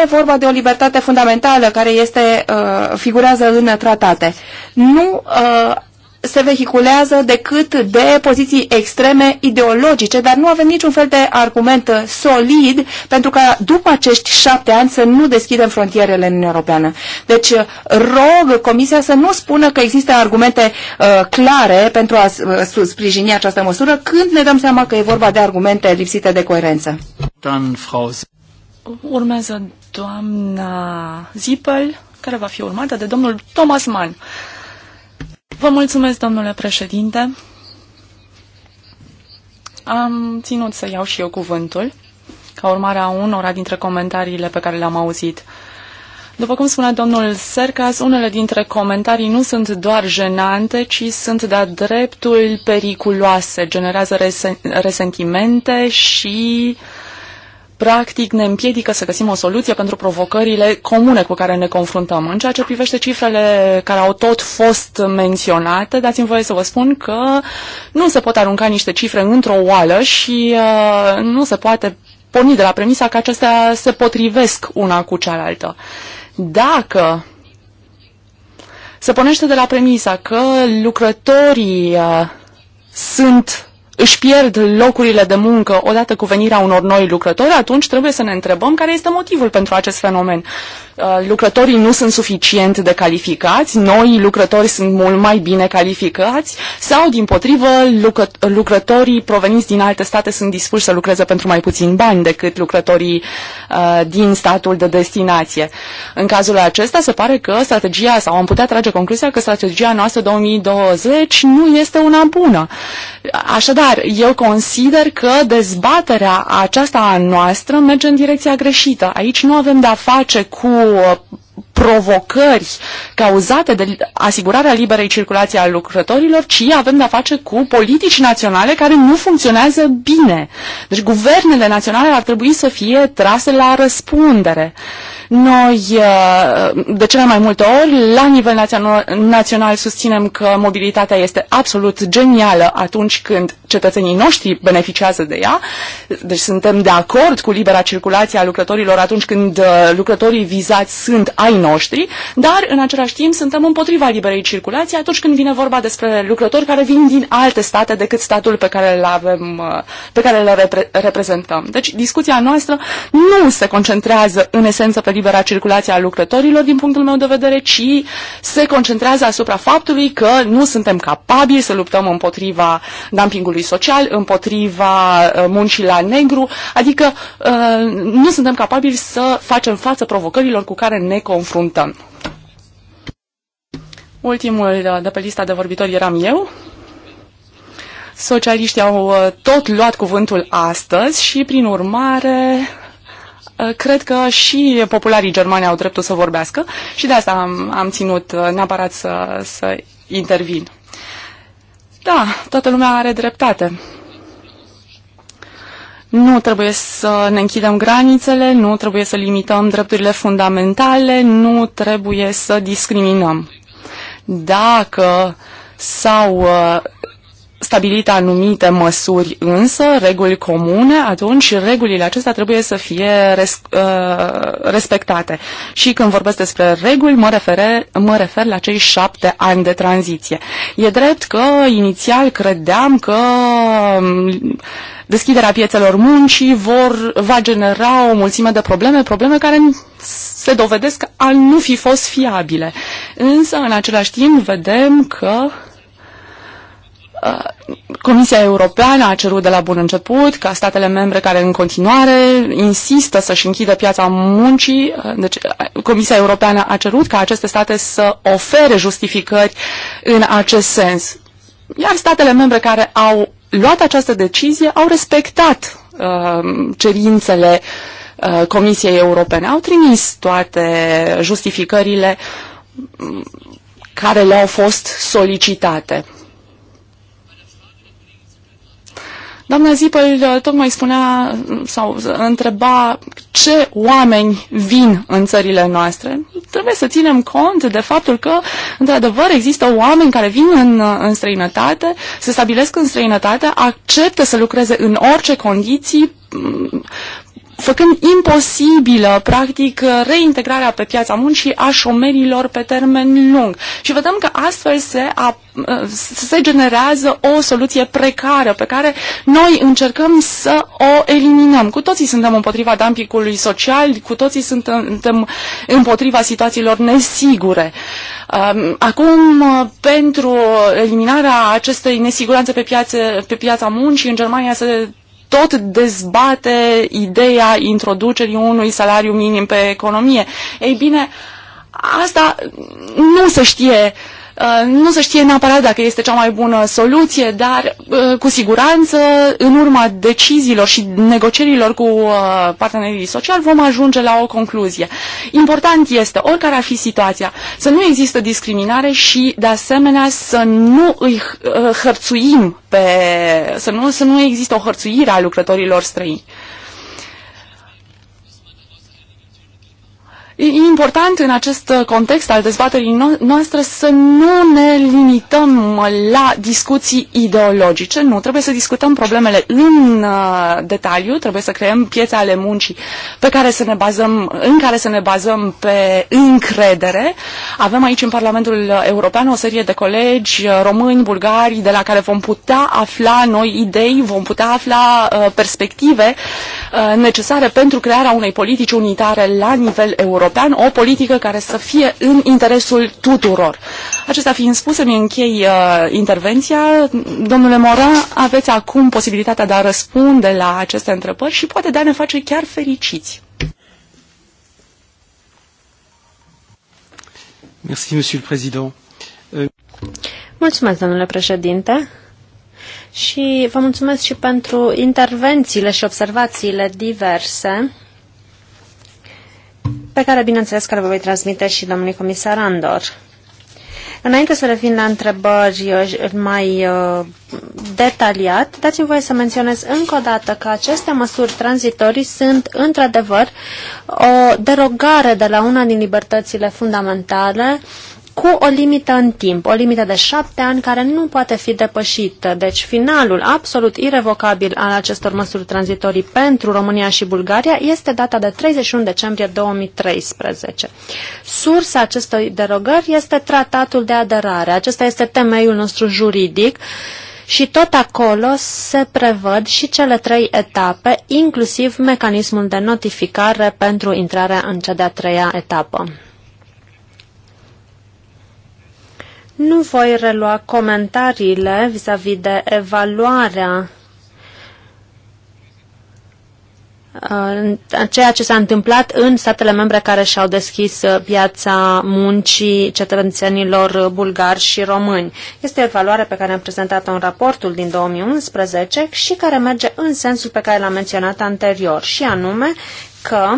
Speaker 4: E vorba de o libertate fundamentală care este, uh, figurează în tratate. Nu uh, se vehiculează decât de poziții extreme ideologice, dar nu avem niciun fel de argument solid pentru că după acești șapte ani să nu deschidem frontierele în Europeană. Deci rog Comisia să nu spună că există argumente uh, clare pentru a uh, sprijini această măsură când ne dăm seama că e vorba de argumente lipsite de coerență.
Speaker 1: Dan Fraus. Urmează doamna Zipel, care va fi urmată de domnul Thomas Mann. Vă mulțumesc, domnule președinte. Am ținut să iau și eu cuvântul, ca urmare a unora dintre comentariile pe care le-am auzit. După cum spunea domnul Sercas, unele dintre comentarii nu sunt doar jenante, ci sunt de-a dreptul periculoase, generează resen- resentimente și uh, practic ne împiedică să găsim o soluție pentru provocările comune cu care ne confruntăm. În ceea ce privește cifrele care au tot fost menționate, dați-mi voie să vă spun că nu se pot arunca niște cifre într-o oală și uh, nu se poate porni de la premisa că acestea se potrivesc una cu cealaltă. Dacă se pornește de la premisa că lucrătorii uh, sunt își pierd locurile de muncă odată cu venirea unor noi lucrători, atunci trebuie să ne întrebăm care este motivul pentru acest fenomen. Uh, lucrătorii nu sunt suficient de calificați, noi lucrători sunt mult mai bine calificați sau, din potrivă, lucrătorii proveniți din alte state sunt dispuși să lucreze pentru mai puțin bani decât lucrătorii uh, din statul de destinație. În cazul acesta, se pare că strategia, sau am putea trage concluzia că strategia noastră 2020 nu este una bună. Așadar, dar eu consider că dezbaterea aceasta a noastră merge în direcția greșită. Aici nu avem de-a face cu provocări cauzate de asigurarea liberei circulații a lucrătorilor, ci avem de-a face cu politici naționale care nu funcționează bine. Deci guvernele naționale ar trebui să fie trase la răspundere. Noi, uh, de cele mai multe ori, la nivel național, susținem că mobilitatea este absolut genială atunci când cetățenii noștri beneficiază de ea. Deci suntem de acord cu libera circulație a lucrătorilor atunci când uh, lucrătorii vizați sunt ai ai noștri, dar în același timp suntem împotriva liberei circulații atunci când vine vorba despre lucrători care vin din alte state decât statul pe care îl avem, uh, pe care îl repre- reprezentăm. Deci discuția noastră nu se concentrează în esență pe libera circulație a lucrătorilor din punctul meu de vedere, ci se concentrează asupra faptului că nu suntem capabili să luptăm împotriva dumpingului social, împotriva uh, muncii la negru, adică uh, nu suntem capabili să facem față provocărilor cu care ne confruntăm. Ultimul uh, de pe lista de vorbitori eram eu. Socialiștii au uh, tot luat cuvântul astăzi și, prin urmare, uh, cred că și popularii germani au dreptul să vorbească și de asta am, am ținut neapărat să, să intervin. Da, toată lumea are dreptate. Nu trebuie să ne închidem granițele, nu trebuie să limităm drepturile fundamentale, nu trebuie să discriminăm. Dacă s-au uh, stabilit anumite măsuri însă, reguli comune, atunci regulile acestea trebuie să fie res, uh, respectate. Și când vorbesc despre reguli, mă, refere, mă refer la cei șapte ani de tranziție. E drept că inițial credeam că um, deschiderea piețelor muncii vor, va genera o mulțime de probleme, probleme care se dovedesc a nu fi fost fiabile. Însă, în același timp, vedem că Uh, Comisia Europeană a cerut de la bun început ca statele membre care în continuare insistă să-și închidă piața muncii, uh, deci uh, Comisia Europeană a cerut ca aceste state să ofere justificări în acest sens. Iar statele membre care au luat această decizie au respectat uh, cerințele uh, Comisiei Europene, au trimis toate justificările mm, care le-au fost solicitate. Doamna Zipăl uh, tocmai spunea uh, sau uh, întreba ce oameni vin în țările noastre. Trebuie să ținem cont de faptul că, într-adevăr, există oameni care vin în, în străinătate, se stabilesc în străinătate, acceptă să lucreze în orice condiții mm, făcând imposibilă, practic, reintegrarea pe piața muncii a șomerilor pe termen lung. Și vedem că astfel se, a, se generează o soluție precară pe care noi încercăm să o eliminăm. Cu toții suntem împotriva dumpingului social, cu toții suntem împotriva situațiilor nesigure. Um, acum, pentru eliminarea acestei nesiguranțe pe, piață, pe piața muncii, în Germania se tot dezbate ideea introducerii unui salariu minim pe economie. Ei bine, asta nu se știe uh, Uh, nu se știe neapărat dacă este cea mai bună soluție, dar uh, cu siguranță, în urma deciziilor și negocierilor cu uh, partenerii sociali, vom ajunge la o concluzie. Important este, oricare ar fi situația, să nu există discriminare și, de asemenea, să nu îi hărțuim pe, să nu, să nu există o hărțuire a lucrătorilor străini. E important în acest uh, context al dezbaterii no noastre să nu ne limităm la discuții ideologice. Nu, trebuie să discutăm problemele în uh, detaliu, trebuie să creăm piețe ale muncii pe care să ne bazăm, în care să ne bazăm pe încredere. Avem aici în Parlamentul European o serie de colegi uh, români, bulgari, de la care vom putea afla noi idei, vom putea afla uh, perspective uh, necesare pentru crearea unei politici unitare la nivel european european o politică care să fie în interesul tuturor. Acestea fiind spuse, mi închei uh, intervenția. Domnule Mora, aveți acum posibilitatea de a răspunde la aceste întrebări și poate de a ne face chiar fericiți. Merci, Monsieur le Président. Euh,
Speaker 2: mulțumesc, domnule președinte, și vă mulțumesc și pentru intervențiile și observațiile diverse pe care, bineînțeles, că le voi transmite și domnului comisar Andor. Înainte să revin la întrebări uh, mai uh, detaliat, dați-mi voie să menționez încă o dată că aceste măsuri tranzitorii sunt, într-adevăr, o derogare de la una din libertățile fundamentale uh, cu o limită în timp, o limită de șapte ani care nu poate fi depășită. Deci finalul absolut irrevocabil al acestor măsuri tranzitorii pentru România și Bulgaria este data de 31 decembrie 2013. Sursa acestei derogări este tratatul de aderare. Acesta este temeiul nostru juridic. Și tot acolo se prevăd și cele trei etape, inclusiv mecanismul de notificare pentru intrarea în cea de-a treia etapă. Nu voi relua comentariile vis-a-vis -vis de evaluarea uh, ceea ce s-a întâmplat în statele membre care și-au deschis uh, piața muncii cetățenilor bulgari și români. Este o evaluare pe care am prezentat-o în raportul din 2011 și care merge în sensul pe care l-am menționat anterior, și anume că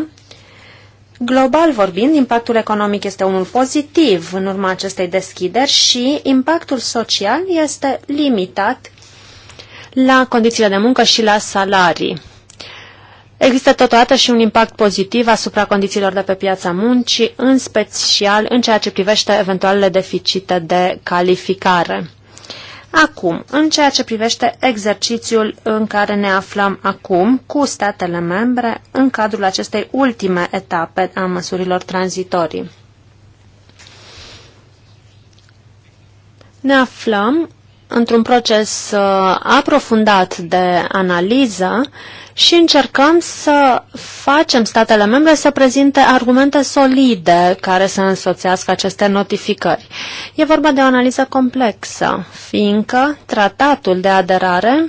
Speaker 2: Global vorbind, impactul economic este unul pozitiv în urma acestei deschideri și impactul social este limitat la condițiile de muncă și la salarii. Există totodată și un impact pozitiv asupra condițiilor de pe piața muncii, în special în ceea ce privește eventualele deficite de calificare. Acum, în ceea ce privește exercițiul în care ne aflăm acum cu statele membre în cadrul acestei ultime etape a măsurilor tranzitorii. Ne aflăm într-un proces uh, aprofundat de analiză și încercăm să facem statele membre să prezinte argumente solide care să însoțească aceste notificări. E vorba de o analiză complexă, fiindcă tratatul de aderare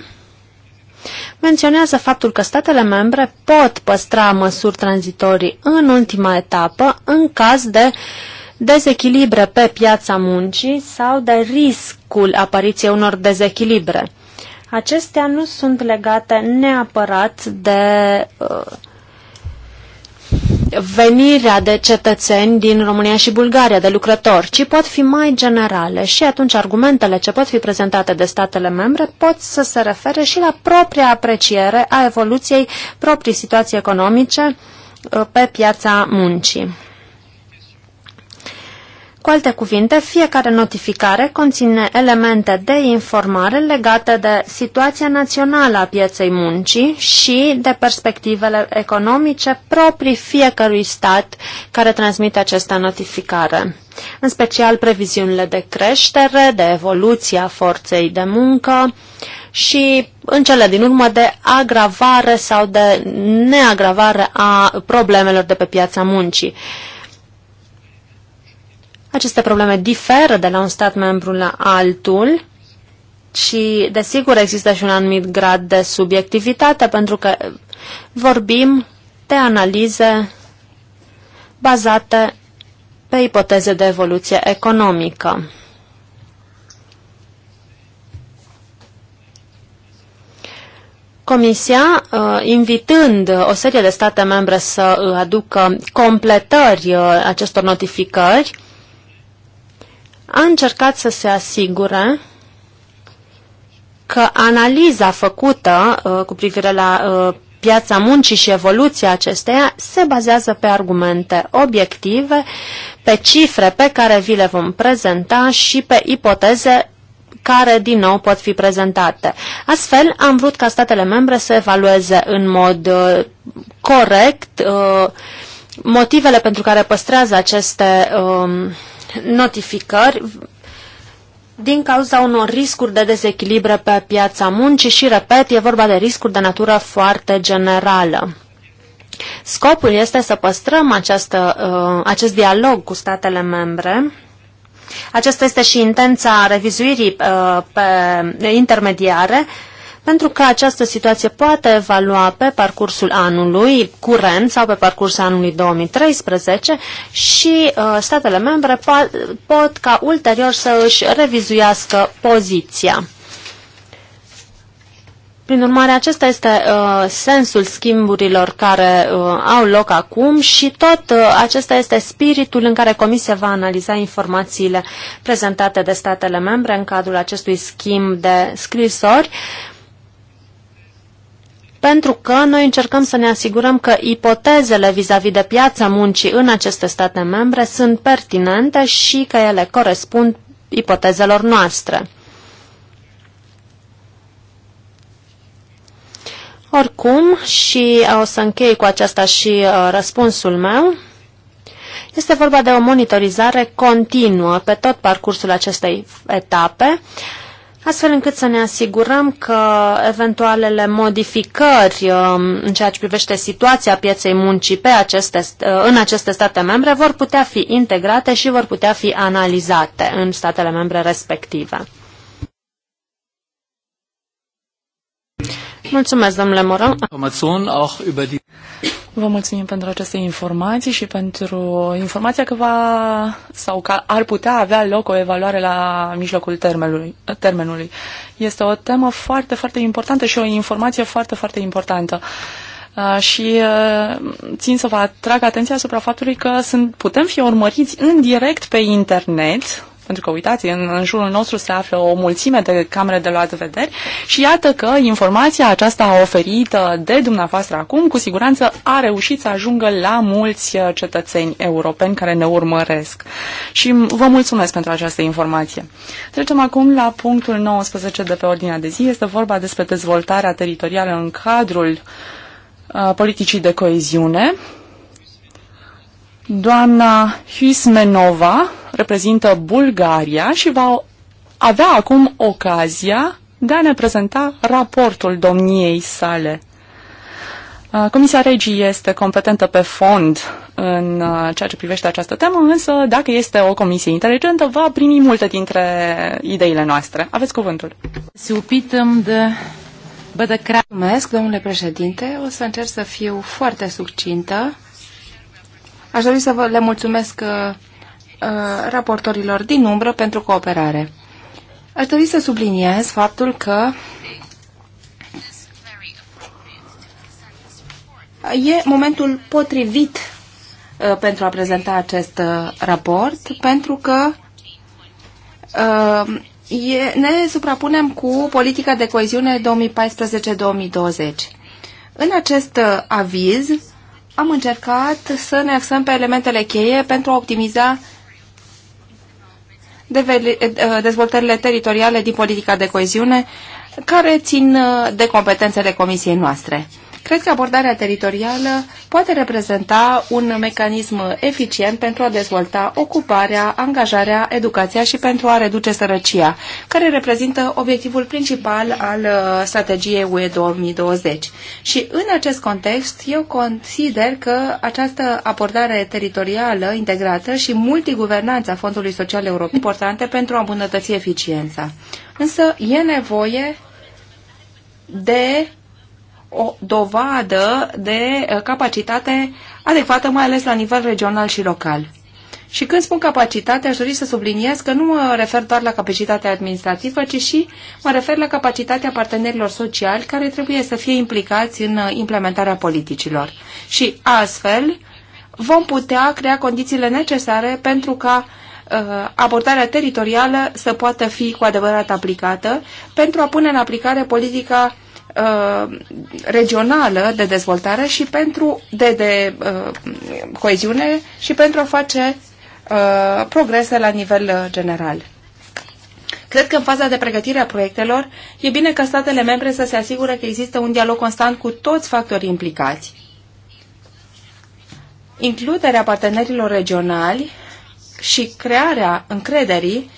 Speaker 2: menționează faptul că statele membre pot păstra măsuri tranzitorii în ultima etapă în caz de uh, dezechilibre pe piața muncii sau de riscul apariției unor dezechilibre. Acestea nu sunt legate neapărat de uh, venirea de cetățeni din România și Bulgaria, de lucrători, ci pot fi mai generale și atunci argumentele ce pot fi prezentate de statele membre pot să se refere și la propria apreciere a evoluției proprii situații economice uh, pe piața muncii. Cu alte cuvinte, fiecare notificare conține elemente de informare legate de situația națională a pieței muncii și de perspectivele economice proprii fiecărui stat care transmite această notificare, în special previziunile de creștere, de evoluția forței de muncă și, în cele din urmă, de agravare sau de neagravare a problemelor de pe piața muncii. Aceste probleme diferă de la un stat membru la altul și, desigur, există și un anumit grad de subiectivitate, pentru că vorbim de analize bazate pe ipoteze de evoluție economică. Comisia, uh, invitând o serie de state membre să aducă completări uh, acestor notificări, a încercat să se asigure că analiza făcută uh, cu privire la uh, piața muncii și evoluția acesteia se bazează pe argumente obiective, pe cifre pe care vi le vom prezenta și pe ipoteze care din nou pot fi prezentate. Astfel, am vrut ca statele membre să evalueze în mod uh, corect uh, motivele pentru care păstrează aceste uh, notificări din cauza unor riscuri de dezechilibre pe piața muncii și, repet, e vorba de riscuri de natură foarte generală. Scopul este să păstrăm această, uh, acest dialog cu statele membre. Aceasta este și intența revizuirii uh, pe intermediare, pentru că această situație poate evalua pe parcursul anului curent sau pe parcursul anului 2013 și uh, statele membre pot ca ulterior să își revizuiască poziția. Prin urmare, acesta este uh, sensul schimburilor care uh, au loc acum și tot uh, acesta este spiritul în care Comisia va analiza informațiile prezentate de statele membre în cadrul acestui schimb de scrisori. Uh, pentru că noi încercăm să ne asigurăm că ipotezele vis-a-vis -vis de piața muncii în aceste state membre sunt pertinente și că ele corespund ipotezelor noastre. Oricum, și uh, o să închei cu aceasta și uh, răspunsul meu, este vorba de o monitorizare continuă pe tot parcursul acestei etape, uh, astfel încât să ne asigurăm că eventualele modificări um, în ceea ce privește situația pieței muncii pe aceste, uh, în aceste state membre vor putea fi integrate și vor putea fi analizate în statele membre respective.
Speaker 1: Mulțumesc, domnule Moran. Vă mulțumim pentru aceste informații și pentru informația că va sau că ar putea avea loc o evaluare la mijlocul termenului. termenului. Este o temă foarte, foarte importantă și o informație foarte, foarte importantă. Și țin să vă atrag atenția asupra faptului că sunt, putem fi urmăriți în direct pe internet pentru că, uitați, în, în jurul nostru se află o mulțime de camere de luat vederi și iată că informația aceasta oferită de dumneavoastră acum, cu siguranță, a reușit să ajungă la mulți uh, cetățeni europeni care ne urmăresc. Și vă mulțumesc pentru această informație. Trecem acum la punctul 19 de pe ordinea de zi. Este vorba despre dezvoltarea teritorială în cadrul uh, politicii de coeziune. Doamna Hismenova reprezintă Bulgaria și va avea acum ocazia de a ne prezenta raportul domniei sale. Uh, Comisia Regii este competentă pe fond în uh, ceea ce privește această temă, însă dacă este o comisie inteligentă, va primi multe dintre ideile noastre. Aveți cuvântul. Se upităm de Bădăcra. Mulțumesc, domnule președinte. O să încerc să fiu foarte succintă
Speaker 4: Aș dori să vă le mulțumesc uh, uh, raportorilor din umbră pentru cooperare. Aș dori să subliniez faptul că e momentul potrivit uh, pentru a prezenta acest raport, pentru că e, ne suprapunem cu politica de coeziune 2014-2020. În acest aviz am încercat să ne axăm pe elementele cheie pentru a optimiza eh, eh, dezvoltările teritoriale din politica de coeziune care țin eh, de competențele comisiei noastre. Cred că abordarea teritorială poate reprezenta un mecanism eficient pentru a dezvolta ocuparea, angajarea, educația și pentru a reduce sărăcia, care reprezintă obiectivul principal al uh, strategiei UE 2020. Și în acest context, eu consider că această abordare teritorială integrată și multiguvernanța Fondului Social European importante pentru a îmbunătăți eficiența. Însă e nevoie de o dovadă de uh, capacitate adecvată, mai ales la nivel regional și local. Și când spun capacitate, aș dori să subliniez că nu mă refer doar la capacitatea administrativă, ci și mă refer la capacitatea partenerilor sociali care trebuie să fie implicați în uh, implementarea politicilor. Și astfel vom putea crea condițiile necesare pentru ca uh, abordarea teritorială să poată fi cu adevărat aplicată pentru a pune în aplicare politica Uh, regională de dezvoltare și pentru de, de uh, coeziune și pentru a face uh, progrese la nivel uh, general. Cred că în faza de pregătire a proiectelor e bine ca statele membre să se asigure că există un dialog constant cu toți factorii implicați. Includerea partenerilor regionali și crearea încrederii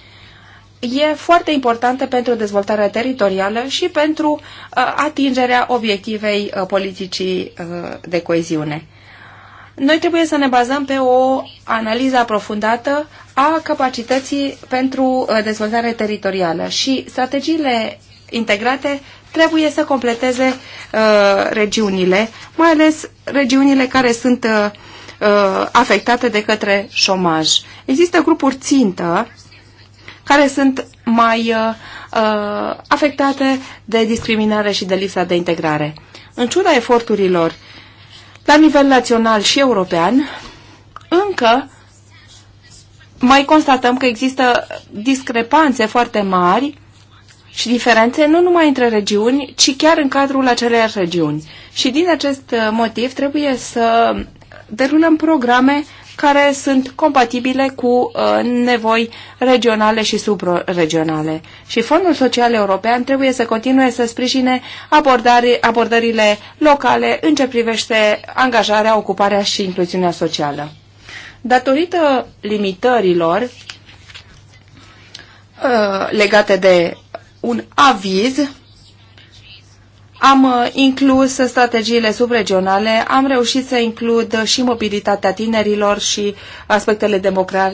Speaker 4: e foarte importantă pentru dezvoltarea teritorială și pentru uh, atingerea obiectivei uh, politicii uh, de coeziune. Noi trebuie să ne bazăm pe o analiză aprofundată a capacității pentru dezvoltare teritorială și strategiile integrate trebuie să completeze uh, regiunile, mai ales regiunile care sunt uh, afectate de către șomaj. Există grupuri țintă care sunt mai uh, uh, afectate de discriminare și de lipsa de integrare. În ciuda eforturilor la nivel național și european, încă mai constatăm că există discrepanțe foarte mari și diferențe nu numai între regiuni, ci chiar în cadrul aceleiași regiuni. Și din acest uh, motiv trebuie să derulăm programe care sunt compatibile cu uh, nevoi regionale și subregionale. Și Fondul Social European trebuie să continue să sprijine abordari, abordările locale în ce privește angajarea, ocuparea și incluziunea socială. Datorită limitărilor uh, legate de un aviz am uh, inclus strategiile subregionale, am reușit să includ și mobilitatea tinerilor și aspectele uh,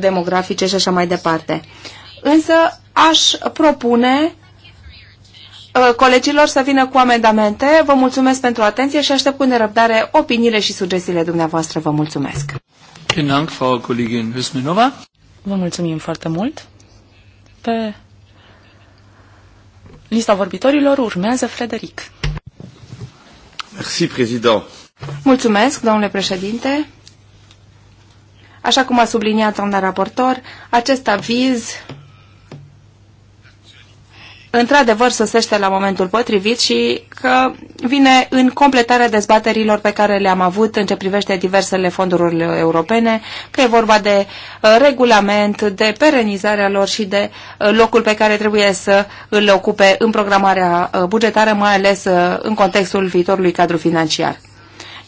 Speaker 4: demografice și așa mai departe. Însă aș propune uh, colegilor să vină cu amendamente. Vă mulțumesc pentru atenție și aștept cu nerăbdare opiniile și sugestiile dumneavoastră.
Speaker 1: Vă mulțumesc. Vă mulțumim foarte mult. Pe lista vorbitorilor urmează Frederic.
Speaker 4: Merci, président.
Speaker 1: Mulțumesc, domnule președinte.
Speaker 4: Așa cum a subliniat doamna raportor, acest aviz într-adevăr sosește la momentul potrivit și că vine în completarea dezbaterilor pe care le-am avut în ce privește diversele fonduri europene, că e vorba de uh, regulament, de perenizarea lor și de uh, locul pe care trebuie să îl ocupe în programarea uh, bugetară, mai ales în contextul viitorului cadru financiar.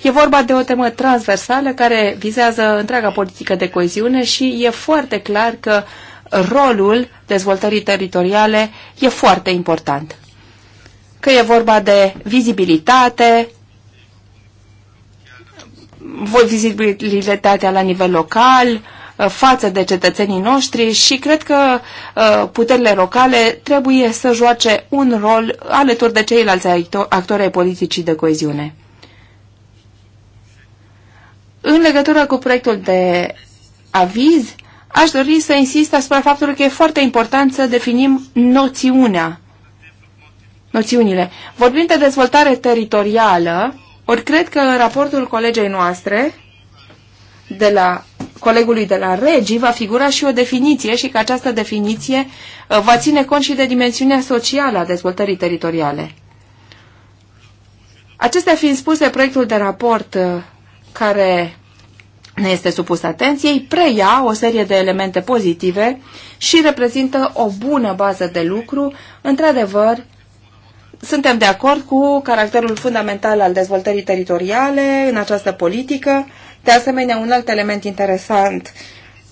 Speaker 4: E vorba de o temă transversală care vizează întreaga politică de coeziune și e foarte clar că rolul dezvoltării teritoriale e foarte important. Că e vorba de vizibilitate, vizibilitatea la nivel local, uh, față de cetățenii noștri și cred că uh, puterile locale trebuie să joace un rol alături de ceilalți actori ai politicii de coeziune. În legătură cu proiectul de aviz, Aș dori să insist asupra faptului că e foarte important să definim noțiunea, noțiunile. Vorbim de dezvoltare teritorială, ori cred că în raportul colegei noastre, de la colegului de la Regi, va figura și o definiție și că această definiție uh, va ține cont și de dimensiunea socială a dezvoltării teritoriale. Acestea fiind spuse, proiectul de raport uh, care ne este supus atenției, preia o serie de elemente pozitive și reprezintă o bună bază de lucru. Într-adevăr, suntem de acord cu caracterul fundamental al dezvoltării teritoriale în această politică. De asemenea, un alt element interesant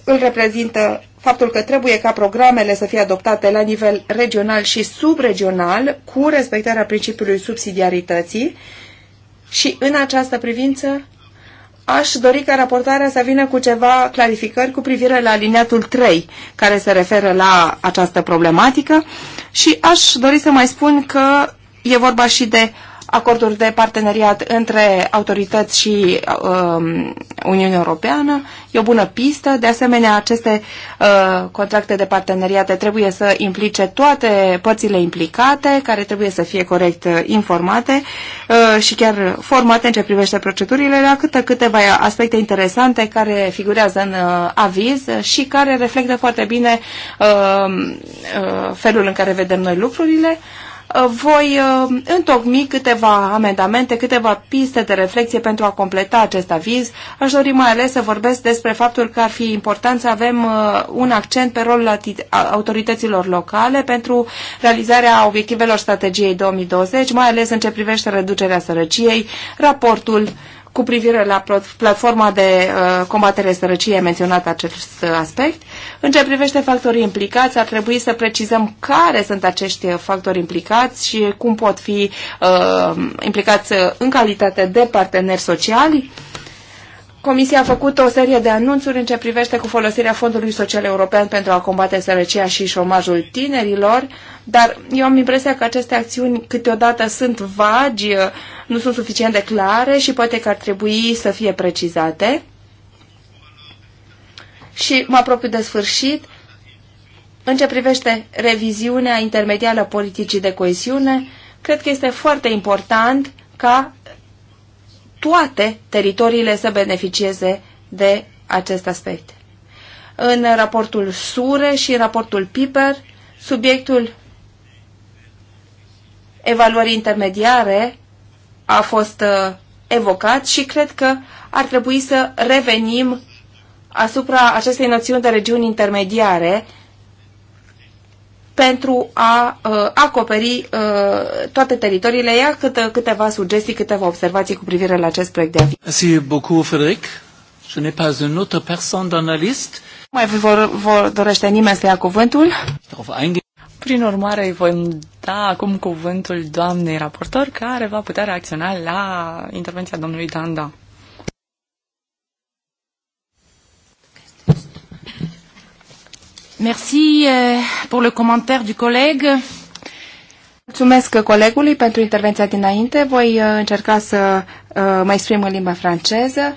Speaker 4: îl reprezintă faptul că trebuie ca programele să fie adoptate la nivel regional și subregional cu respectarea principiului subsidiarității și în această privință aș dori ca raportarea să vină cu ceva clarificări cu privire la aliniatul 3, care se referă la această problematică și aș dori să mai spun că e vorba și de acorduri de parteneriat între autorități și um, Uniunea Europeană. E o bună pistă. De asemenea, aceste uh, contracte de parteneriate trebuie să implice toate părțile implicate, care trebuie să fie corect uh, informate uh, și chiar formate în ce privește procedurile, la câte câteva aspecte interesante care figurează în uh, aviz și care reflectă foarte bine uh, uh, felul în care vedem noi lucrurile. Uh, Uh, voi uh, întocmi câteva amendamente, câteva piste de reflexie pentru a completa acest aviz. Aș dori mai ales să vorbesc despre faptul că ar fi important să avem uh, un accent pe rolul autorităților locale pentru realizarea obiectivelor strategiei 2020, mai ales în ce privește reducerea sărăciei, raportul cu privire la platforma de uh, combatere sărăciei, menționat acest aspect. În ce privește factorii implicați, ar trebui să precizăm care sunt acești factori implicați și cum pot fi uh, implicați în calitate de parteneri sociali. Uh, Comisia a făcut o serie de anunțuri în ce privește cu folosirea Fondului Social European pentru a combate sărăcia și șomajul tinerilor, dar eu am impresia că aceste acțiuni câteodată sunt vagi, nu sunt suficient de clare și poate că ar trebui să fie precizate. Și mă apropiu de sfârșit. În ce privește reviziunea intermedială politicii de coesiune, cred că este foarte important ca toate teritoriile să beneficieze de acest aspect. În raportul SURE și în raportul PIPER, subiectul evaluării intermediare a fost uh, evocat și cred că ar trebui să revenim asupra acestei noțiuni de regiuni intermediare pentru a uh, acoperi uh, toate teritoriile. Ia câte, câteva sugestii, câteva observații cu privire la acest proiect de aviz.
Speaker 1: Merci beaucoup, Frédéric. Je n'ai pas une autre personne dans la liste. Mai vor, vor
Speaker 4: dorește nimeni să ia cuvântul?
Speaker 1: Prin urmare, îi voi da acum cuvântul doamnei raportor, care va putea reacționa la intervenția domnului Danda. Merci
Speaker 2: eh, pour le commentaire du collègue.
Speaker 4: Mulțumesc colegului pentru intervenția dinainte. Voi eh, încerca să eh, mă exprim în limba franceză.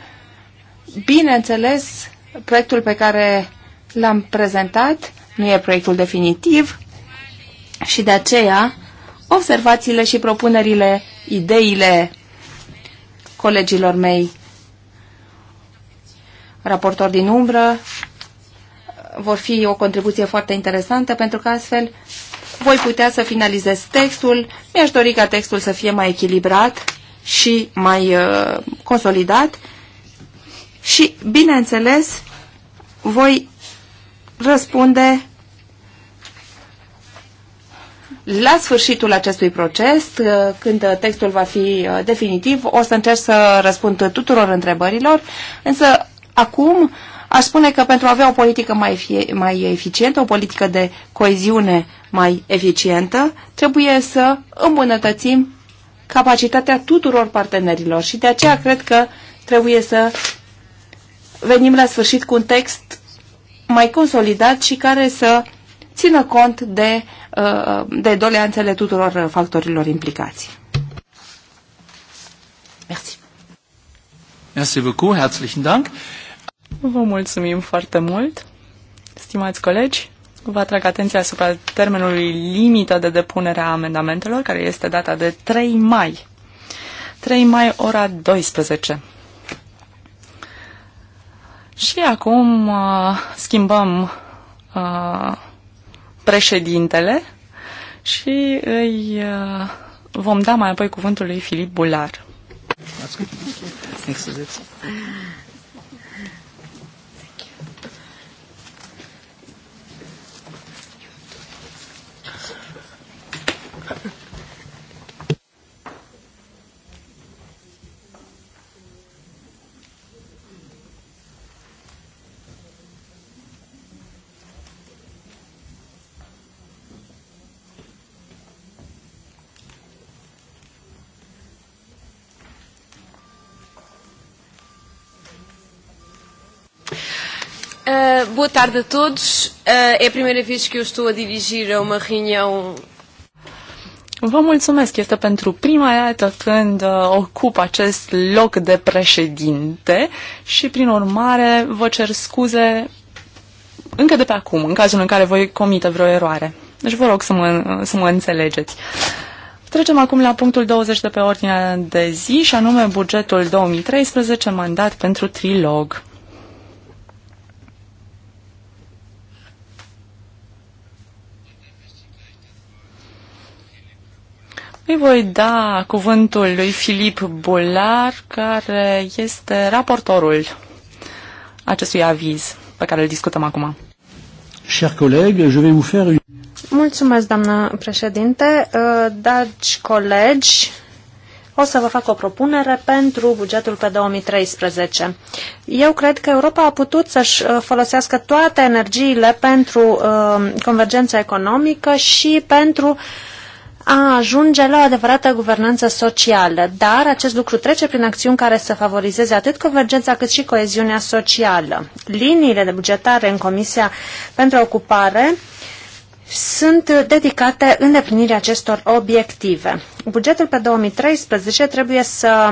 Speaker 4: Bineînțeles, proiectul pe care l-am prezentat nu e proiectul definitiv și de aceea observațiile și propunerile, ideile colegilor mei, raportor din umbră, vor fi o contribuție foarte interesantă pentru că astfel voi putea să finalizez textul. Mi-aș dori ca textul să fie mai echilibrat și mai uh, consolidat și, bineînțeles, voi răspunde la sfârșitul acestui proces, uh, când textul va fi uh, definitiv, o să încerc să răspund tuturor întrebărilor, însă acum Aș spune că pentru a avea o politică mai, fie, mai eficientă, o politică de coeziune mai eficientă, trebuie să îmbunătățim capacitatea tuturor partenerilor și de aceea cred că trebuie să venim la sfârșit cu un text mai consolidat și care să țină cont de, uh, de doleanțele tuturor factorilor implicați.
Speaker 1: Mersi. Mersi beaucoup, herzlichen Dank. Vă mulțumim foarte mult, stimați colegi. Vă atrag atenția asupra termenului limită de depunere a amendamentelor, care este data de 3 mai. 3 mai, ora 12. Și acum uh, schimbăm uh, președintele și îi uh, vom da mai apoi cuvântul lui Filip Bular. Mulțumesc. good.
Speaker 5: Eh, boa tarde a todos. Eh, é a primeira vez que eu estou a dirigir a uma reunião
Speaker 1: Vă mulțumesc, este pentru prima dată când uh, ocup acest loc de președinte și, prin urmare, vă cer scuze încă de pe acum, în cazul în care voi comite vreo eroare. Deci vă rog să mă, să mă înțelegeți. Trecem acum la punctul 20 de pe ordinea de zi și anume bugetul 2013, mandat pentru trilog. Îi voi da cuvântul lui Filip Bolar, care este raportorul acestui aviz pe care îl discutăm acum.
Speaker 3: Cher collègues, je vais vous faire une...
Speaker 2: Mulțumesc, doamnă președinte. Ă, dragi colegi, o să vă fac o propunere pentru bugetul pe 2013. Eu cred că Europa a putut să-și ă, folosească toate energiile pentru ă, convergența economică și pentru uh, a ajunge la o adevărată guvernanță socială, dar acest lucru trece prin acțiuni care să favorizeze atât convergența cât și coeziunea socială. Liniile de bugetare în Comisia pentru Ocupare sunt dedicate îndeplinirii acestor obiective. Bugetul pe 2013 trebuie să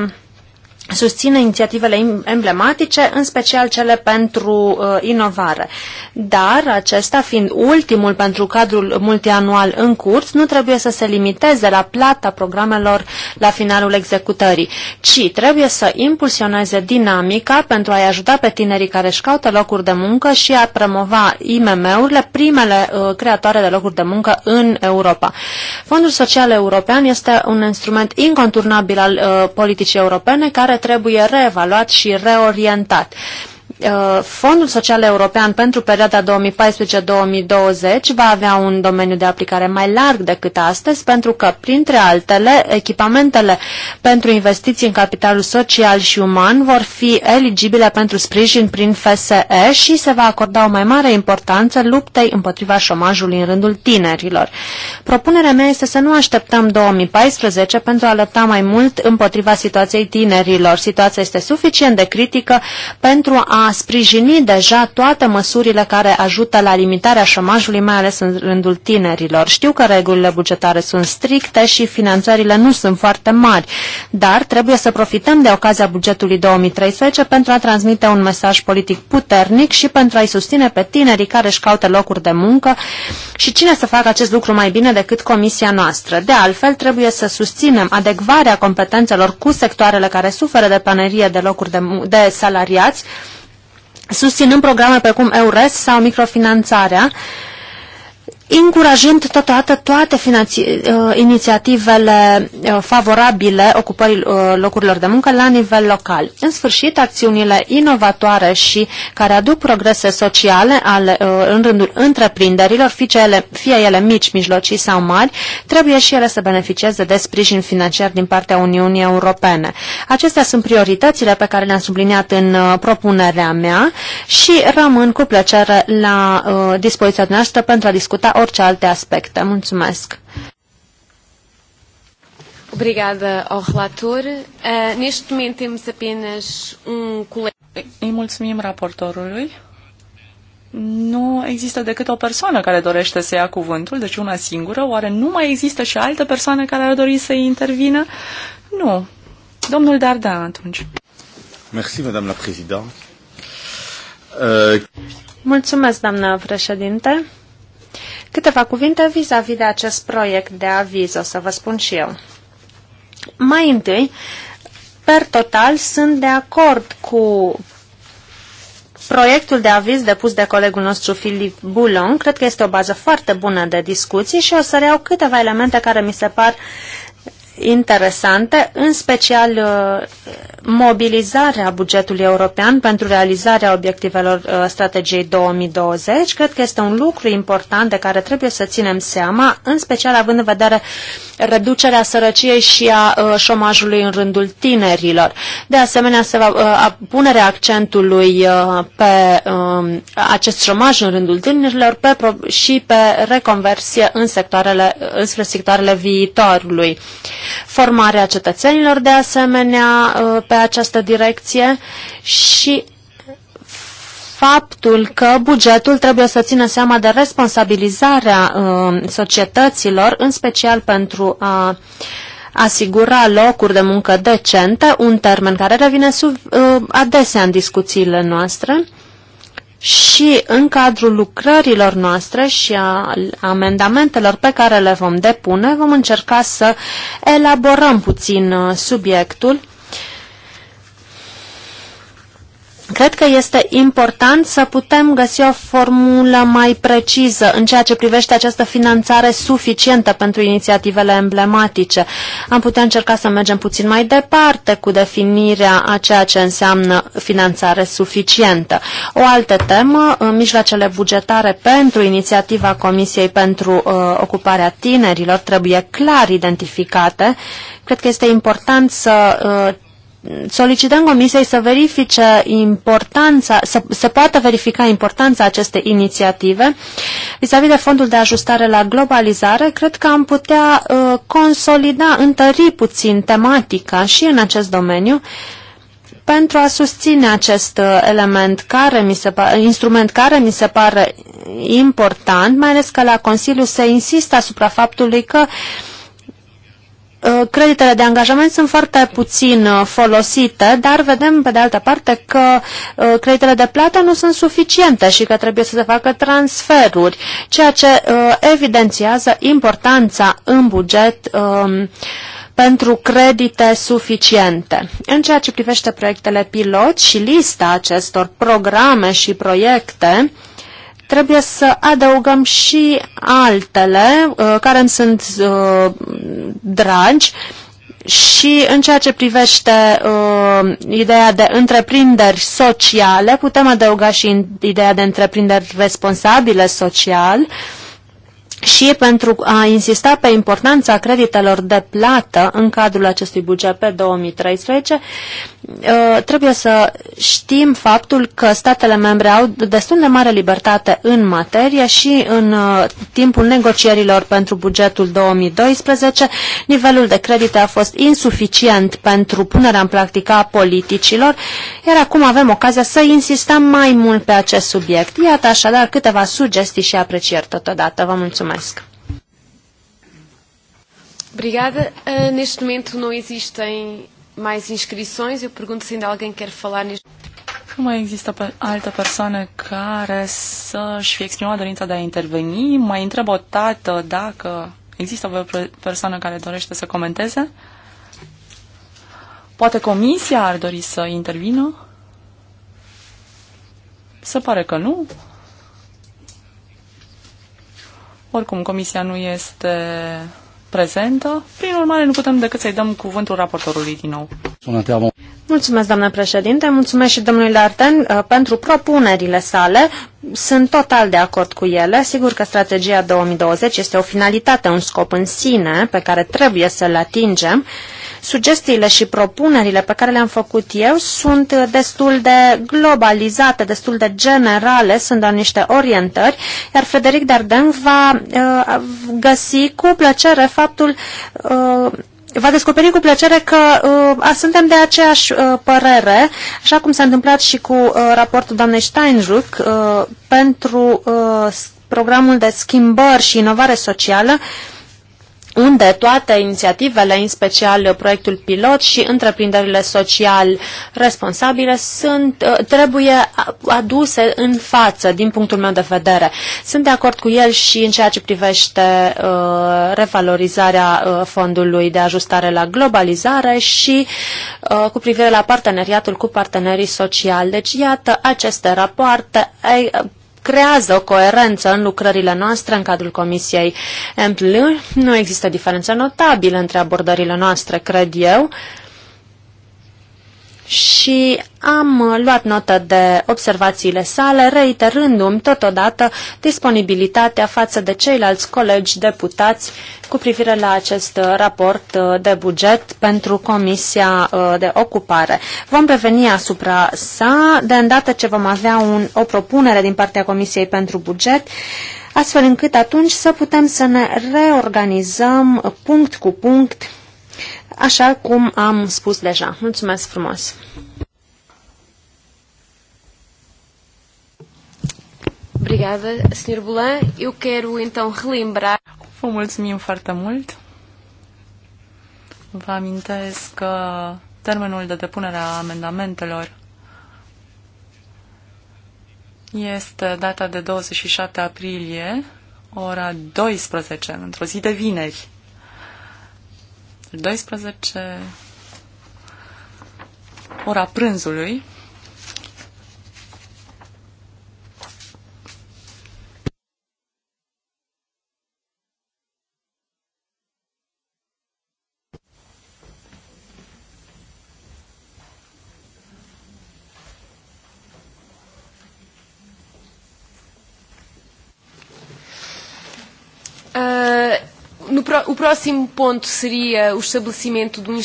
Speaker 2: susține inițiativele emblematice, în special cele pentru uh, inovare. Dar acesta fiind ultimul pentru cadrul multianual în curs, nu trebuie să se limiteze la plata programelor la finalul executării, ci trebuie să impulsioneze dinamica pentru a-i ajuta pe tinerii care își caută locuri de muncă și a promova IMM-urile, primele uh, creatoare de locuri de muncă în Europa. Fondul Social European este un instrument inconturnabil al uh, politicii europene care care trebuie reevaluat și reorientat. Uh, Fondul Social European pentru perioada 2014-2020 va avea un domeniu de aplicare mai larg decât astăzi, pentru că, printre altele, echipamentele pentru investiții în capitalul social și uman vor fi eligibile pentru sprijin prin FSE și se va acorda o mai mare importanță luptei împotriva șomajului în rândul tinerilor. Propunerea mea este să nu așteptăm 2014 pentru a lupta mai mult împotriva situației tinerilor. Situația este suficient de critică pentru a sprijinit deja toate măsurile care ajută la limitarea șomajului, mai ales în rândul tinerilor. Știu că regulile bugetare sunt stricte și finanțările nu sunt foarte mari, dar trebuie să profităm de ocazia bugetului 2013 pentru a transmite un mesaj politic puternic și pentru a-i susține pe tinerii care își caută locuri de muncă și cine să facă acest lucru mai bine decât comisia noastră. De altfel, trebuie să susținem adecvarea competențelor cu sectoarele care suferă de panerie de locuri de, de salariați, susținând programe precum EURES sau microfinanțarea, încurajând totodată toate uh, inițiativele uh, favorabile ocupării uh, locurilor de muncă la nivel local. În sfârșit, acțiunile inovatoare și care aduc progrese sociale ale, în rândul întreprinderilor, fie ele, fie ele mici, mijlocii sau mari, trebuie și ele să beneficieze de sprijin financiar din partea Uniunii Europene. Acestea sunt prioritățile pe care le-am subliniat în propunerea mea și rămân cu plăcere la dispoziția noastră pentru a discuta orice alte aspecte. Mulțumesc!
Speaker 5: Obrigada ao relator. Uh, neste momento temos apenas um colega. Îi
Speaker 1: mulțumim raportorului. Nu există decât o persoană care dorește să ia cuvântul, deci una singură. Oare nu mai există și altă persoană care ar dori să intervină? Nu. Domnul Dardan, atunci.
Speaker 4: Merci, madame la
Speaker 2: Uh... Mulțumesc, doamna președinte. Câteva cuvinte vis-a-vis -vis de acest proiect de aviz, o să vă spun și eu. Mai întâi, per total, sunt de acord cu proiectul de aviz depus de colegul nostru Filip Boulon. Cred că este o bază foarte bună de discuții și o să reau câteva elemente care mi se par uh, interesante, în special uh, mobilizarea bugetului european pentru realizarea obiectivelor uh, strategiei 2020. Cred că este un lucru important de care trebuie să ținem seama, în special având în vedere reducerea sărăciei și a uh, șomajului în rândul tinerilor. De asemenea, se va pune accentului pe um, acest șomaj în rândul tinerilor pe, și pe reconversie în sectoarele, în sectoarele viitorului formarea cetățenilor de asemenea uh, pe această direcție și faptul că bugetul trebuie să țină seama de responsabilizarea uh, societăților, în special pentru a asigura locuri de muncă decente, un termen care revine sub, uh, adesea în discuțiile noastre și în cadrul lucrărilor noastre și a amendamentelor pe care le vom depune, vom încerca să elaborăm puțin uh, subiectul Cred că este important să putem găsi o formulă mai precisă în ceea ce privește această finanțare suficientă pentru inițiativele emblematice. Am putea încerca să mergem puțin mai departe cu definirea a ceea ce înseamnă finanțare suficientă. O altă temă, uh, mijloacele bugetare pentru inițiativa Comisiei pentru uh, ocuparea tinerilor trebuie clar identificate. Cred că este important să uh, solicităm Comisiei să verifice importanța, să, să poată verifica importanța acestei inițiative. Vis-a-vis de fondul de ajustare la globalizare, cred că am putea uh, consolida, întări puțin tematica și în acest domeniu pentru a susține acest uh, element care mi se pare, instrument care mi se pare important, mai ales că la Consiliu se insistă asupra faptului că uh, Uh, creditele de angajament sunt foarte puțin uh, folosite, dar vedem pe de altă parte că uh, creditele de plată nu sunt suficiente și că trebuie să se facă transferuri, ceea ce evidențiază importanța în buget um, pentru credite suficiente. În ceea ce privește proiectele pilot și lista acestor programe și proiecte, trebuie să adăugăm și altele uh, care îmi sunt uh, dragi și în ceea ce privește uh, ideea de întreprinderi sociale, putem adăuga și ideea de întreprinderi responsabile social, uh, și pentru a insista pe importanța creditelor de plată în cadrul acestui buget pe 2013, uh, trebuie să știm faptul că statele membre au destul de mare libertate în materie și în uh, timpul negocierilor pentru bugetul 2012, nivelul de credite a fost insuficient pentru punerea în practică a politicilor, iar acum avem ocazia să insistăm mai mult pe acest subiect. Iată așadar câteva sugestii și aprecieri totodată. Vă mulțumesc! Mulțumesc!
Speaker 5: Obrigada. Uh, neste momento não existem mais inscrições. Eu pergunto se ainda alguém quer falar neste.
Speaker 1: Nu mai există pe altă persoană care să-și fi exprimat dorința de a interveni. Mai întreb o dată dacă există o persoană care dorește să comenteze. Poate comisia ar dori să intervină? Se pare că nu. Oricum, comisia nu este prezentă. Prin urmare, nu putem decât să-i dăm cuvântul raportorului din nou. Mulțumesc, doamnă președinte, mulțumesc și domnului
Speaker 2: Larten uh, pentru propunerile sale. Sunt total de acord cu ele. Sigur că strategia 2020 este o finalitate, un scop în sine pe care trebuie să-l atingem. Sugestiile și propunerile pe care le-am făcut eu sunt destul de globalizate, destul de generale, sunt doar niște orientări, iar Frederic Darden va uh, găsi cu plăcere faptul uh, va descoperi cu plăcere că uh, suntem de aceeași uh, părere, așa cum s-a întâmplat și cu uh, raportul doamnei Steinruck uh, pentru uh, programul de schimbări și inovare socială. Uh, unde toate inițiativele, în special proiectul pilot și întreprinderile social responsabile, sunt, uh, trebuie aduse în față, din punctul meu de vedere. Sunt de acord cu el și în ceea ce privește uh, revalorizarea uh, fondului de ajustare la globalizare și uh, cu privire la parteneriatul cu partenerii sociali. Deci, iată, aceste rapoarte ai, creează o coerență în lucrările noastre în cadrul Comisiei MPL. Nu există diferență notabilă între abordările noastre, cred eu și am uh, luat notă de observațiile sale, reiterându-mi totodată disponibilitatea față de ceilalți colegi deputați cu privire la acest uh, raport uh, de buget pentru Comisia de Ocupare. Vom reveni asupra sa de îndată ce vom avea un, o propunere din partea Comisiei pentru Buget astfel încât atunci să putem să ne reorganizăm punct cu punct așa cum am spus deja. Mulțumesc frumos!
Speaker 5: Obrigada, Sr. Bolan. Eu quero então
Speaker 1: relembrar. Vă mulțumim foarte mult. Vă amintesc că termenul de depunere a amendamentelor este data de 27 aprilie, ora 12, într-o zi de vineri. 12, ora prânzului.
Speaker 5: Uh, no, o próximo ponto seria o estabelecimento de um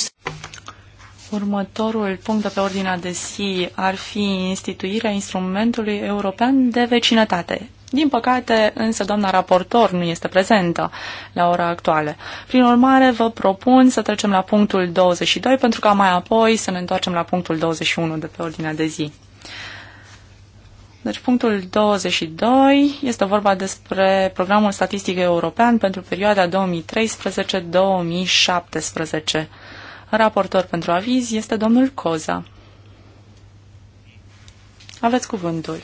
Speaker 1: Următorul punct de pe ordinea de zi ar fi instituirea instrumentului european de vecinătate. Din păcate, însă, doamna raportor nu este prezentă la ora actuală. Prin urmare, vă propun să trecem la punctul 22, pentru ca mai apoi să ne întoarcem la punctul 21 de pe ordinea de zi. Deci punctul 22 este vorba despre programul statistic european pentru perioada 2013-2017. Raportor pentru aviz este domnul Coza. Aveți cuvântul.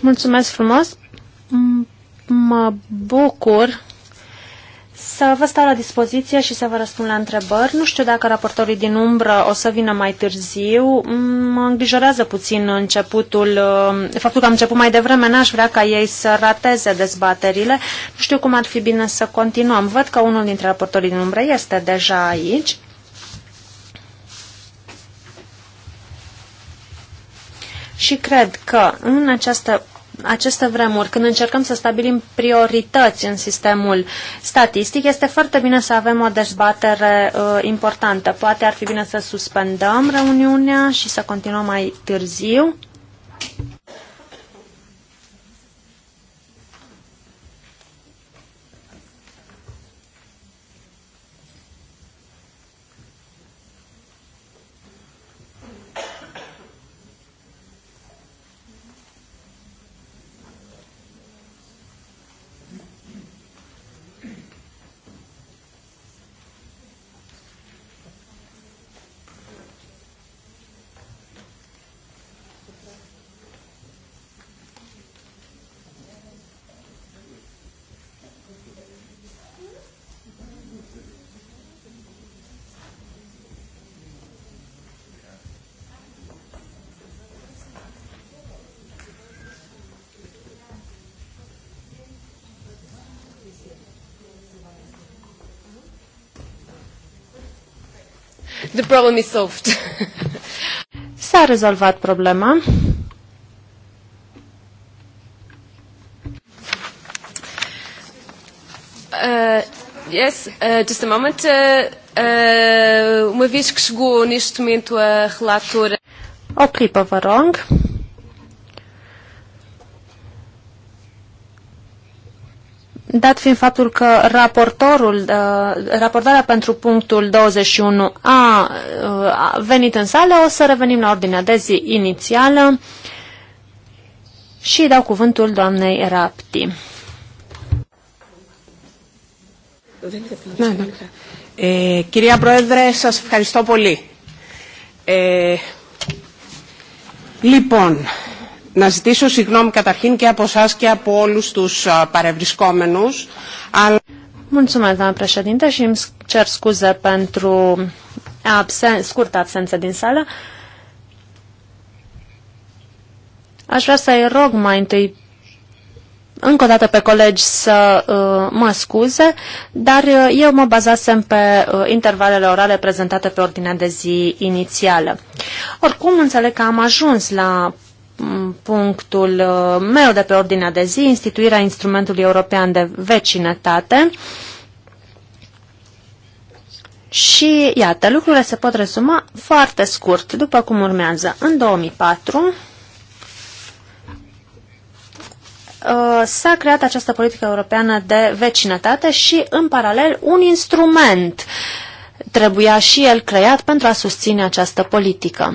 Speaker 2: Mulțumesc frumos! mă bucur să vă stau la dispoziție și să vă răspund la întrebări. Nu știu dacă raportorii din umbră o să vină mai târziu. Mă îngrijorează puțin începutul, uh, faptul că am început mai devreme, n-aș vrea ca ei să rateze dezbaterile. Nu știu cum ar fi bine să continuăm. Văd că unul dintre raportorii din umbră este deja aici. Și cred că în această aceste vremuri, când încercăm să stabilim priorități în sistemul statistic, este foarte bine să avem o dezbatere uh, importantă. Poate ar fi bine să suspendăm reuniunea și să continuăm mai târziu. The problem is solved. S-a rezolvat problema.
Speaker 5: Uh, yes, uh, just a moment. Uh, uh, uma vez que chegou neste momento a relatora.
Speaker 2: O clipa varong. rog. dat fiind faptul că raportorul, uh, raportarea pentru punctul 21 uh, a venit în sală, o să revenim la ordinea de zi inițială și dau cuvântul doamnei Rapti.
Speaker 1: Da, da.
Speaker 3: Ε, eh, κυρία Πρόεδρε, σας ευχαριστώ πολύ. λοιπόν, να ζητήσω συγγνώμη καταρχήν και από εσά και από όλους τους
Speaker 2: παρευρισκόμενου. Αλλά... Mulțumesc, doamna președinte, și îmi cer scuze pentru absen scurtă absență din sală. Aș vrea să-i rog mai întâi încă o dată pe colegi să uh, mă scuze, dar uh, eu mă bazasem pe uh, intervalele orale prezentate pe ordinea de zi inițială. Oricum, înțeleg că am ajuns la Mm, punctul uh, meu de pe ordinea de zi, instituirea instrumentului european de vecinătate. Și iată, lucrurile se pot rezuma foarte scurt, după cum urmează. În 2004 uh, s-a creat această politică europeană de vecinătate și, în paralel, un instrument trebuia și el creat pentru a susține această politică.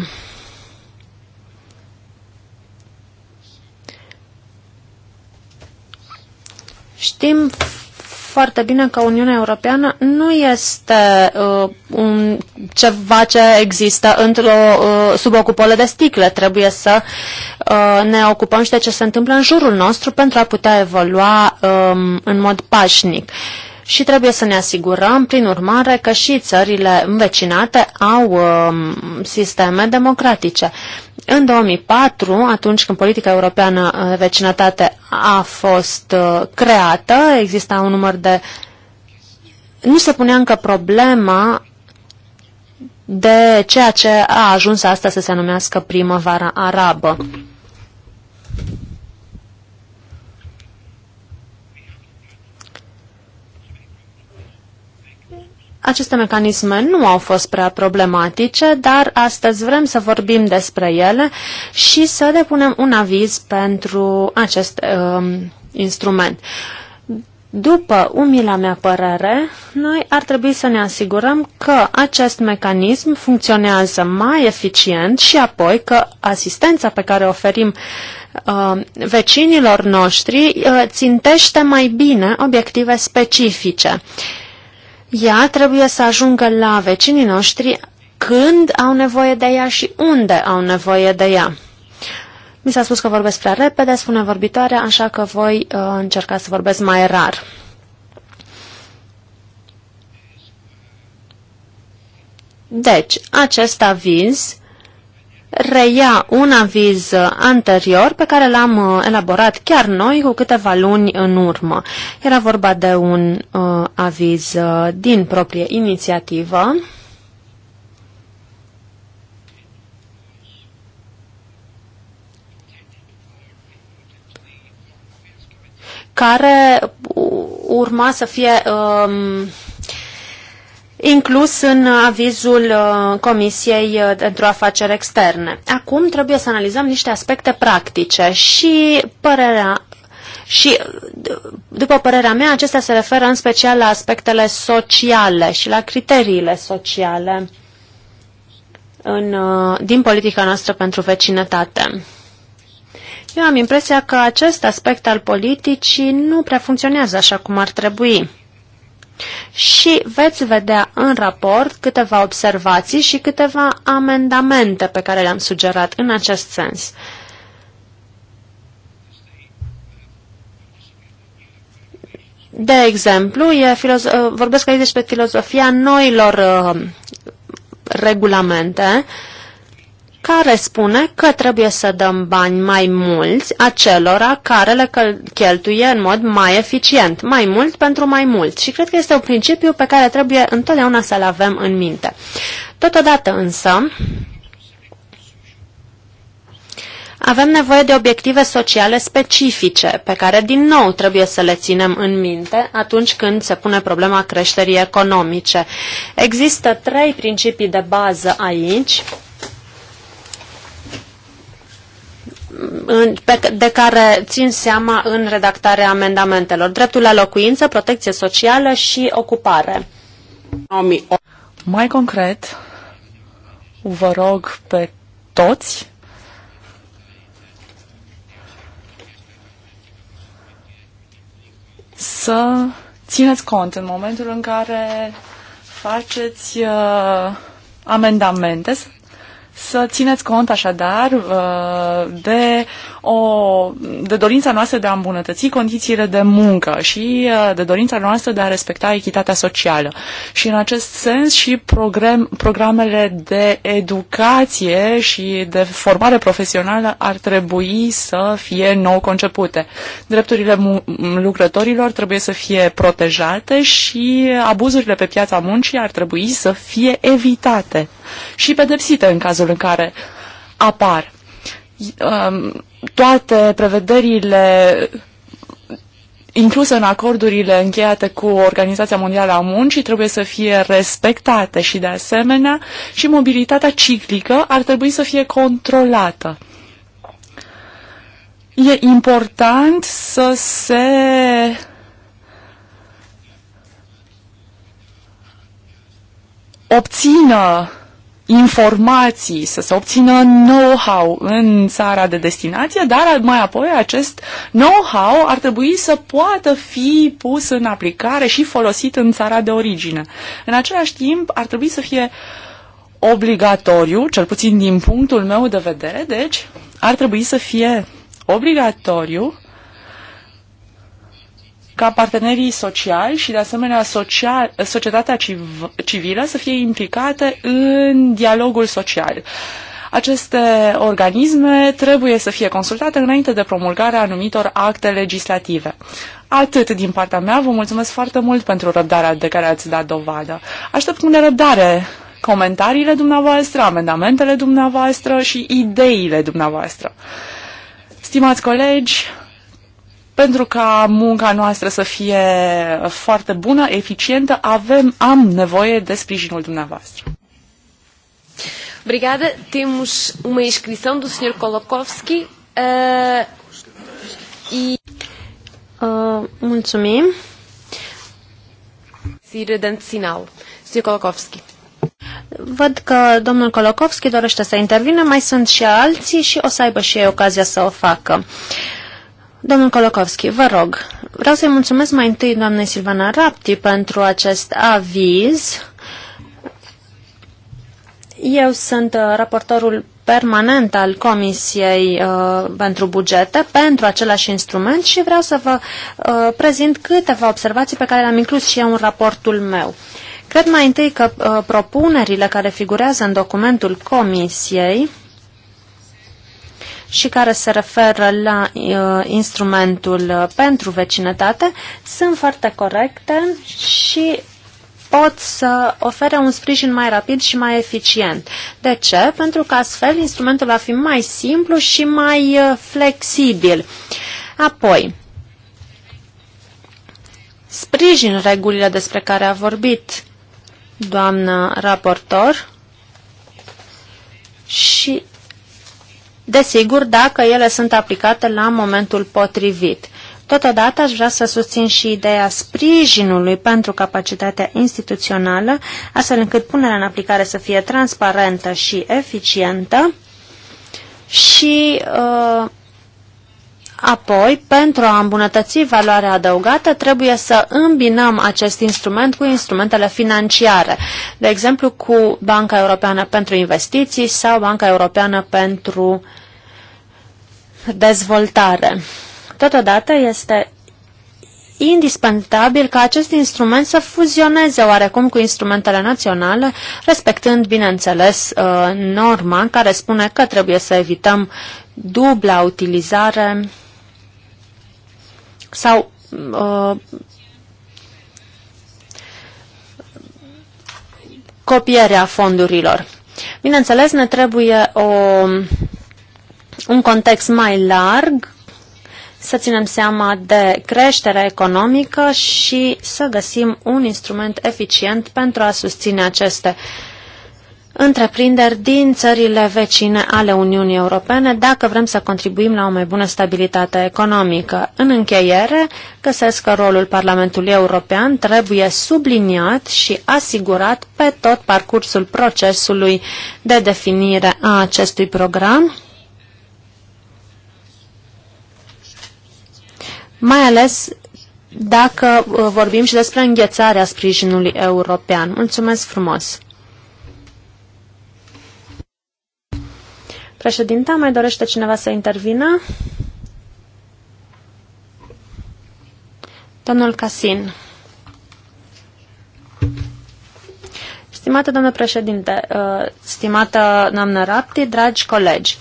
Speaker 2: Știm foarte bine că Uniunea Europeană nu este uh, un, ceva ce există într-o, uh, sub o cupolă de sticle. Trebuie să uh, ne ocupăm și de ce se întâmplă în jurul nostru pentru a putea evolua um, în mod pașnic. Și trebuie să ne asigurăm, prin urmare, că și țările învecinate au um, sisteme democratice. Uh, în 2004, atunci când politica europeană uh, de vecinătate a fost uh, creată, exista un număr de... Nu se punea încă problema de ceea ce a ajuns asta să se numească primăvara arabă. Aceste mecanisme nu au fost prea problematice, dar astăzi vrem să vorbim despre ele și să depunem un aviz pentru acest um, instrument. După umila mea părere, noi ar trebui să ne asigurăm că acest mecanism funcționează mai eficient și apoi că asistența pe care o oferim uh, vecinilor noștri uh, țintește mai bine obiective specifice. Uh, ea trebuie să ajungă la vecinii noștri când au nevoie de ea și unde au nevoie de ea. Mi s-a spus că vorbesc prea repede, spune vorbitoarea, așa că voi uh, încerca să vorbesc mai rar. Deci, acest aviz reia un aviz anterior pe care l-am uh, elaborat chiar noi cu câteva luni în urmă. Era vorba de un uh, aviz uh, din proprie inițiativă. care urma să fie um, inclus în uh, avizul uh, Comisiei uh, pentru Afaceri Externe. Acum trebuie să analizăm niște aspecte practice și părerea și, după părerea mea, acestea se referă în special la aspectele sociale și la criteriile sociale în, din politica noastră pentru vecinătate. Eu am impresia că acest aspect al politicii nu prea funcționează așa cum ar trebui. Și veți vedea în raport câteva observații și câteva amendamente pe care le-am sugerat în acest sens. De exemplu, e vorbesc aici despre filozofia noilor uh, regulamente uh, care spune că trebuie să dăm bani mai mulți acelora care le cheltuie în mod mai eficient, mai mult pentru mai mult. Și cred că este un principiu pe care trebuie întotdeauna să-l avem în minte. Totodată însă, avem nevoie de obiective sociale specifice, pe care din nou trebuie să le ținem în minte atunci când se pune problema creșterii economice. Există trei principii de bază aici de care țin seama în redactarea amendamentelor. Dreptul la locuință, protecție socială și ocupare. Mai
Speaker 1: concret, vă rog pe toți să țineți cont în momentul în care faceți uh, amendamente, să țineți cont așadar uh, de, o, de dorința noastră de a îmbunătăți condițiile de muncă și uh, de dorința noastră de a respecta echitatea socială. Și în acest sens și program, programele de educație și de formare profesională ar trebui să fie nou concepute. Drepturile lucrătorilor trebuie să fie protejate și abuzurile pe piața muncii ar trebui să fie evitate și pedepsite în cazul momentul în care apar. Um, toate prevederile incluse în acordurile încheiate cu Organizația Mondială a Muncii trebuie să fie respectate și de asemenea și mobilitatea ciclică ar trebui să fie controlată. E important să se obțină informații, să se obțină know-how în țara de destinație, dar mai apoi acest know-how ar trebui să poată fi pus în aplicare și folosit în țara de origine. În același timp, ar trebui să fie obligatoriu, cel puțin din punctul meu de vedere, deci ar trebui să fie obligatoriu ca partenerii sociali și, de asemenea, social, societatea civ- civilă să fie implicate în dialogul social. Aceste organisme trebuie să fie consultate înainte de promulgarea anumitor acte legislative. Atât din partea mea, vă mulțumesc foarte mult pentru răbdarea de care ați dat dovadă. Aștept cu nerăbdare comentariile dumneavoastră, amendamentele dumneavoastră și ideile dumneavoastră. Stimați colegi, pentru ca munca noastră să fie foarte bună, eficientă, avem, am nevoie de sprijinul dumneavoastră.
Speaker 5: Obrigada. Temos uma inscrição do Sr. Kolokowski.
Speaker 2: Uh, e... Uh, mulțumim.
Speaker 5: Sir sinal. Sr. Kolokowski.
Speaker 2: Văd că domnul Kolokowski dorește să intervină, mai sunt și alții și o să aibă și ei ocazia să o facă. Uh, Domnul Kolokovski, vă rog, vreau să-i mulțumesc mai întâi doamnei Silvana Rapti pentru acest aviz. Eu sunt uh, raportorul permanent al Comisiei uh, pentru bugete pentru același instrument și vreau să vă uh, prezint câteva observații pe care le-am inclus și eu în raportul meu. Cred mai întâi că uh, propunerile care figurează în documentul Comisiei uh, și care se referă la uh, instrumentul uh, pentru vecinătate sunt foarte corecte și pot să ofere un sprijin mai rapid și mai eficient. De ce? Pentru că astfel instrumentul va fi mai simplu și mai uh, flexibil. Apoi, sprijin regulile despre care a vorbit doamna raportor și desigur dacă ele sunt aplicate la momentul potrivit. Totodată aș vrea să susțin și ideea sprijinului pentru capacitatea instituțională, astfel încât punerea în aplicare să fie transparentă și eficientă și uh, Apoi, pentru a îmbunătăți valoarea adăugată, trebuie să îmbinăm acest instrument cu instrumentele financiare, de exemplu cu Banca Europeană pentru Investiții sau Banca Europeană pentru Dezvoltare. Totodată este indispensabil ca acest instrument să fuzioneze oarecum cu instrumentele naționale, respectând, bineînțeles, uh, norma care spune că trebuie să evităm dubla utilizare sau uh, copierea fondurilor. Bineînțeles, ne trebuie o, un context mai larg, să ținem seama de creșterea economică și să găsim un instrument eficient pentru a susține aceste uh, întreprinderi din țările vecine ale Uniunii Europene dacă vrem să contribuim la o mai bună stabilitate economică. În încheiere, găsesc că rolul Parlamentului European trebuie subliniat și asigurat pe tot parcursul procesului de definire a acestui program, mai ales dacă uh, vorbim și despre înghețarea sprijinului european. Mulțumesc frumos! Președinte, mai dorește cineva să intervină? Domnul Casin. Stimată doamnă președinte, uh, stimată doamnă Rapti, dragi colegi,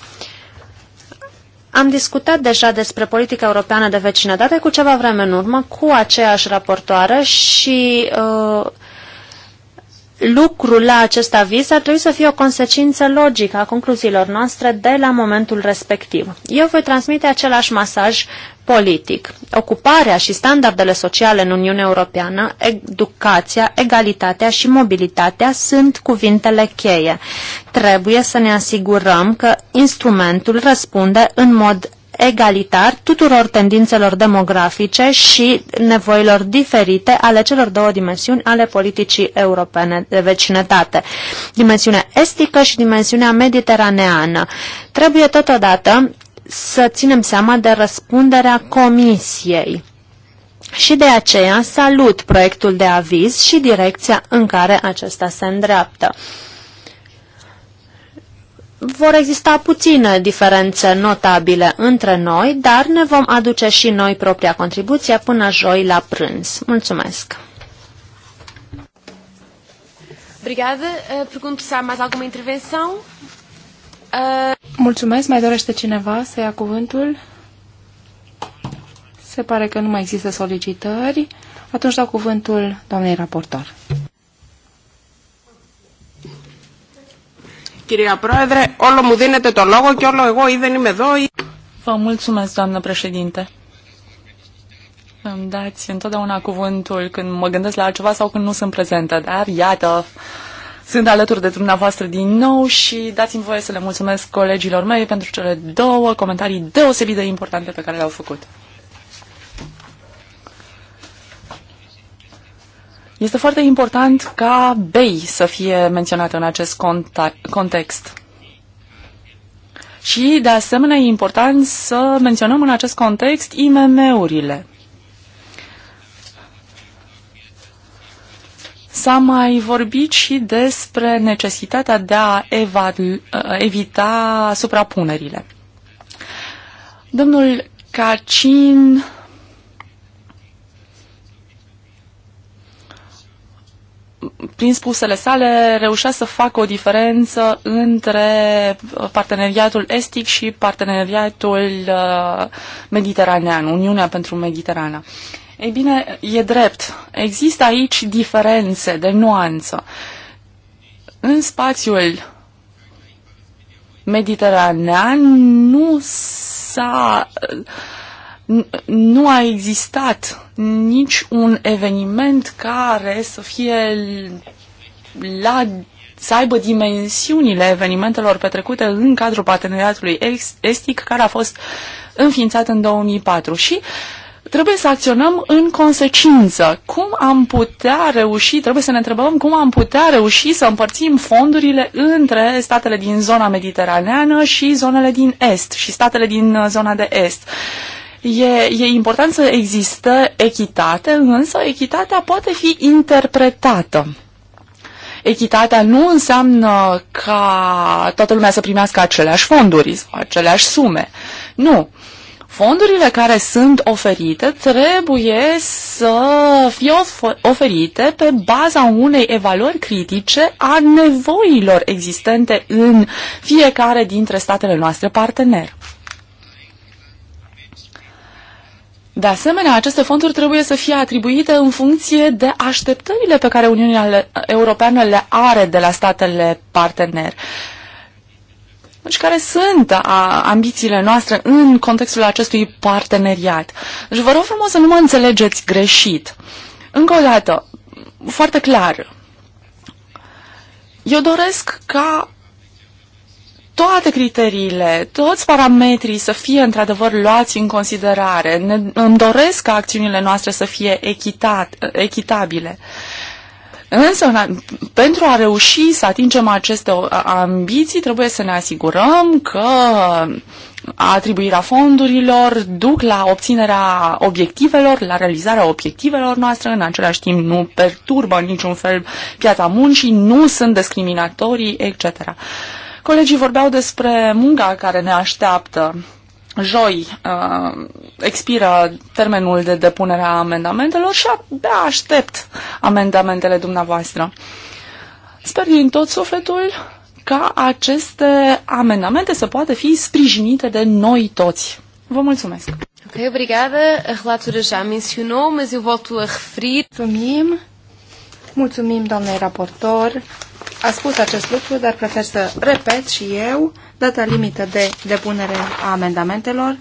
Speaker 2: am discutat deja despre politica europeană de vecinătate cu ceva vreme în urmă cu aceeași raportoare și uh, lucrul la acest aviz ar trebui să fie o consecință logică a concluziilor noastre de la momentul respectiv. Eu voi transmite același masaj politic. Ocuparea și standardele sociale în Uniunea Europeană, educația, egalitatea și mobilitatea sunt cuvintele cheie. Trebuie să ne asigurăm că instrumentul răspunde în mod egalitar tuturor tendințelor demografice și nevoilor diferite ale celor două dimensiuni ale politicii europene de vecinătate, dimensiunea estică și dimensiunea mediteraneană. Trebuie totodată să ținem seama de răspunderea Comisiei. Și de aceea salut proiectul de aviz și direcția în care acesta se îndreaptă vor exista puține diferențe notabile între noi, dar ne vom aduce și noi propria contribuție până joi la prânz. Mulțumesc!
Speaker 5: Obrigada. Eh, pergunto se há mais alguma intervenção. Eh,
Speaker 2: Mulțumesc. Mai dorește cineva
Speaker 4: să ia cuvântul? Se pare că nu mai există solicitări. Atunci dau cuvântul doamnei raportor.
Speaker 1: Κυρία Πρόεδρε, όλο μου δίνετε το λόγο και όλο εγώ ή δεν είμαι εδώ ή... Vă mulțumesc, doamnă președinte. Îmi dați întotdeauna cuvântul când mă gândesc la altceva sau când nu sunt prezentă, dar iată, sunt alături de dumneavoastră din nou și dați-mi voie să le mulțumesc colegilor mei pentru cele două comentarii deosebit de importante pe care le-au făcut. Este foarte important ca BEI să fie menționat în acest context. Și, de asemenea, e important să menționăm în acest context IMM-urile. S-a mai vorbit și despre necesitatea de a evita suprapunerile. Domnul Cacin prin spusele sale, reușea să facă o diferență între uh, parteneriatul estic și parteneriatul uh, mediteranean, Uniunea pentru Mediterana. Ei bine, e drept. Există aici diferențe de nuanță. În spațiul mediteranean nu s-a... Uh, nu a existat nici un eveniment care să fie la să aibă dimensiunile evenimentelor petrecute în cadrul parteneriatului estic care a fost înființat în 2004 și trebuie să acționăm în consecință. Cum am putea reuși, trebuie să ne întrebăm cum am putea reuși să împărțim fondurile între statele din zona mediteraneană și zonele din est și statele din uh, zona de est. E, e important să există echitate, însă echitatea poate fi interpretată. Echitatea nu înseamnă ca toată lumea să primească aceleași fonduri sau aceleași sume. Nu. Fondurile care sunt oferite trebuie să fie oferite pe baza unei evaluări critice a nevoilor existente în fiecare dintre statele noastre partener. De asemenea, aceste fonduri trebuie să fie atribuite în funcție de așteptările pe care Uniunea Europeană le are de la statele partener. Deci care sunt a, ambițiile noastre în contextul acestui parteneriat? Deci vă rog frumos să nu mă înțelegeți greșit. Încă o dată, foarte clar, eu doresc ca toate criteriile, toți parametrii să fie într-adevăr luați în considerare. Ne, îmi doresc ca acțiunile noastre să fie echitat, echitabile. Însă, pentru a reuși să atingem aceste ambiții, trebuie să ne asigurăm că atribuirea fondurilor duc la obținerea obiectivelor, la realizarea obiectivelor noastre, în același timp nu perturbă niciun fel piața muncii, nu sunt discriminatorii, etc. Colegii vorbeau despre munca care ne așteaptă. Joi uh, expiră termenul de depunere a amendamentelor și abia aștept amendamentele dumneavoastră. Sper din tot sufletul ca aceste amendamente să poată fi sprijinite de noi toți. Vă mulțumesc!
Speaker 5: Ok, obrigada. A relatora já mencionou, mas eu volto a referir. Mulțumim. Mulțumim, doamne raportor a spus
Speaker 4: acest lucru, dar prefer să repet și eu. Data limită de depunere a amendamentelor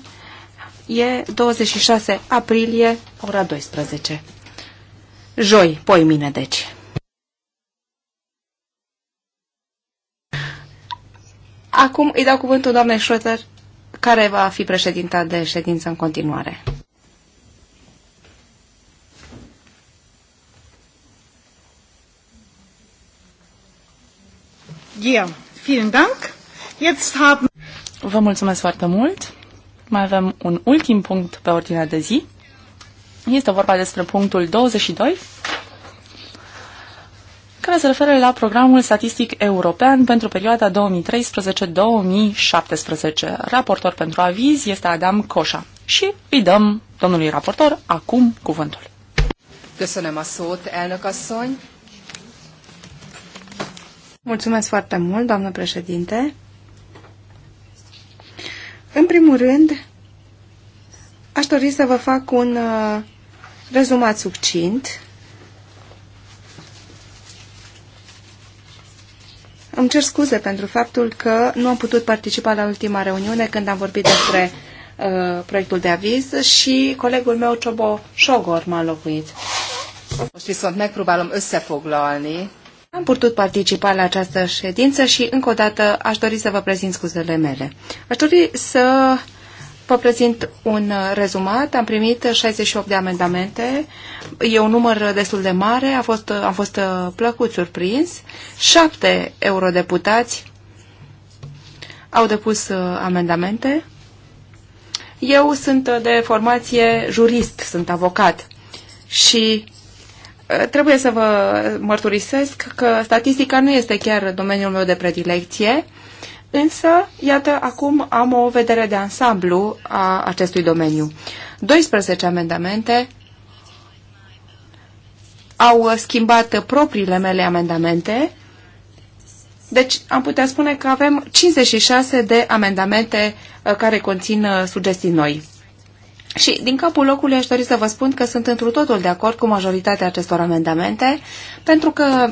Speaker 4: e 26 aprilie, ora 12. Joi, mine, deci. Acum îi dau cuvântul doamnei Schroeter, care va fi președinta de ședință în continuare.
Speaker 1: Yeah. Vielen Dank. Jetzt haben... Vă mulțumesc foarte mult. Mai avem un ultim punct pe ordinea de zi. Este vorba despre punctul 22, care se referă la programul statistic european pentru perioada 2013-2017. Raportor pentru aviz este Adam Coșa. Și îi dăm domnului raportor acum cuvântul.
Speaker 4: Köszönöm elnök asszony. Mulțumesc foarte mult, doamnă președinte. În primul rând, aș dori să vă fac un uh, rezumat succint. Îmi cer scuze pentru faptul că nu am putut participa la ultima reuniune când am vorbit despre uh, proiectul de aviz și colegul meu Ciobo Șogor, m-a locuit. Most viszont megpróbálom összefoglalni am putut participa la această ședință și încă o dată aș dori să vă prezint scuzele mele. Aș dori să Vă prezint un rezumat. Am primit 68 de amendamente. E un număr destul de mare. A fost, am fost uh, plăcut surprins. Șapte eurodeputați au depus uh, amendamente. Eu sunt de formație jurist, sunt avocat și trebuie să vă mărturisesc că statistica nu este chiar domeniul meu de predilecție, însă, iată, acum am o vedere de ansamblu a acestui domeniu. 12 amendamente au schimbat propriile mele amendamente, deci am putea spune că avem 56 de amendamente uh, care conțin uh, sugestii noi. Și din capul locului aș dori să vă spun că sunt întru totul de acord cu majoritatea acestor amendamente, pentru că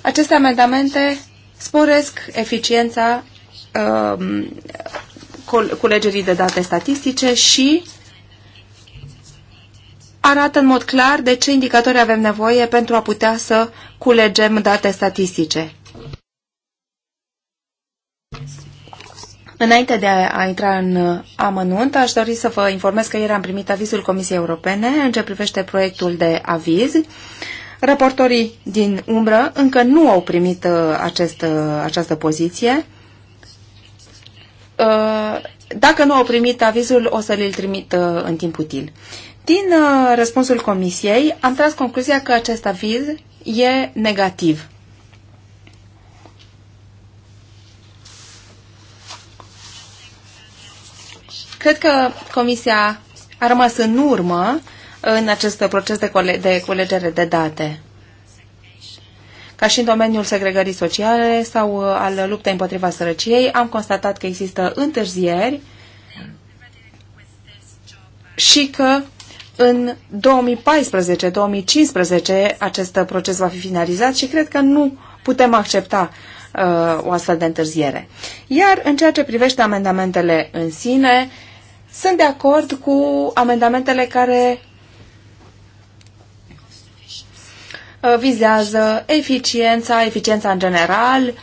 Speaker 4: aceste amendamente sporesc eficiența uh, culegerii de date statistice și arată în mod clar de ce indicatori avem nevoie pentru a putea să culegem date statistice. Înainte de a intra în amănunt, aș dori să vă informez că ieri am primit avizul Comisiei Europene în ce privește proiectul de aviz. Raportorii din umbră încă nu au primit uh, acest, uh, această poziție. Uh, dacă nu au primit avizul, o să-l trimit în timp util. Din răspunsul Comisiei, am tras concluzia că acest aviz e negativ Cred că Comisia a rămas în urmă în acest proces de, cole- de colegere de date. Ca și în domeniul segregării sociale sau uh, al luptei împotriva sărăciei, am constatat că există întârzieri și că în 2014-2015 acest proces va fi finalizat și cred că nu putem accepta uh, o astfel de întârziere. Iar în ceea ce privește amendamentele în sine, uh, sunt de acord cu amendamentele care uh, vizează eficiența, eficiența în general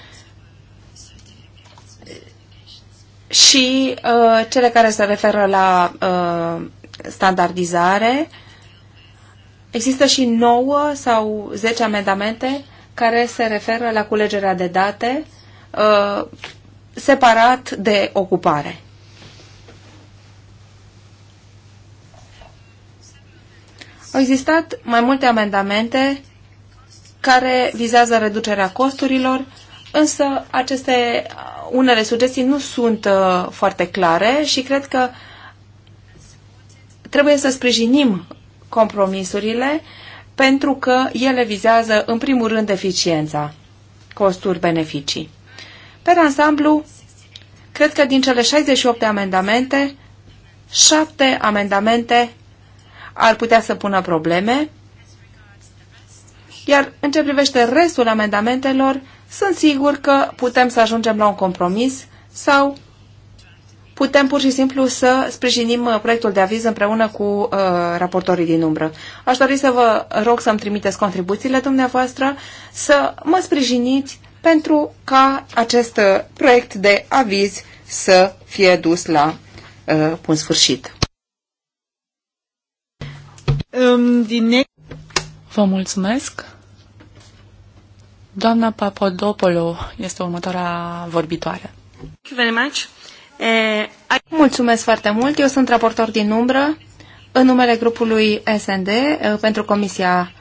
Speaker 4: și uh, cele care se referă la uh, standardizare. Există și 9 sau 10 amendamente care se referă la culegerea de date uh, separat de ocupare. Au existat mai multe amendamente care vizează reducerea costurilor, însă aceste unele sugestii nu sunt uh, foarte clare și cred că trebuie să sprijinim compromisurile pentru că ele vizează în primul rând eficiența, costuri-beneficii. Pe ansamblu, cred că din cele 68 amendamente, 7 amendamente ar putea să pună probleme, iar în ce privește restul amendamentelor, sunt sigur că putem să ajungem la un compromis sau putem pur și simplu să sprijinim uh, proiectul de aviz împreună cu uh, raportorii din umbră. Aș dori să vă rog să-mi trimiteți contribuțiile dumneavoastră, să mă sprijiniți pentru ca acest uh, proiect de aviz să fie dus la uh, un sfârșit.
Speaker 1: Vă mulțumesc. Doamna Papadopoulou este următoarea vorbitoare.
Speaker 4: Eh, mulțumesc foarte mult. Eu sunt raportor din umbră în numele grupului SND eh, pentru Comisia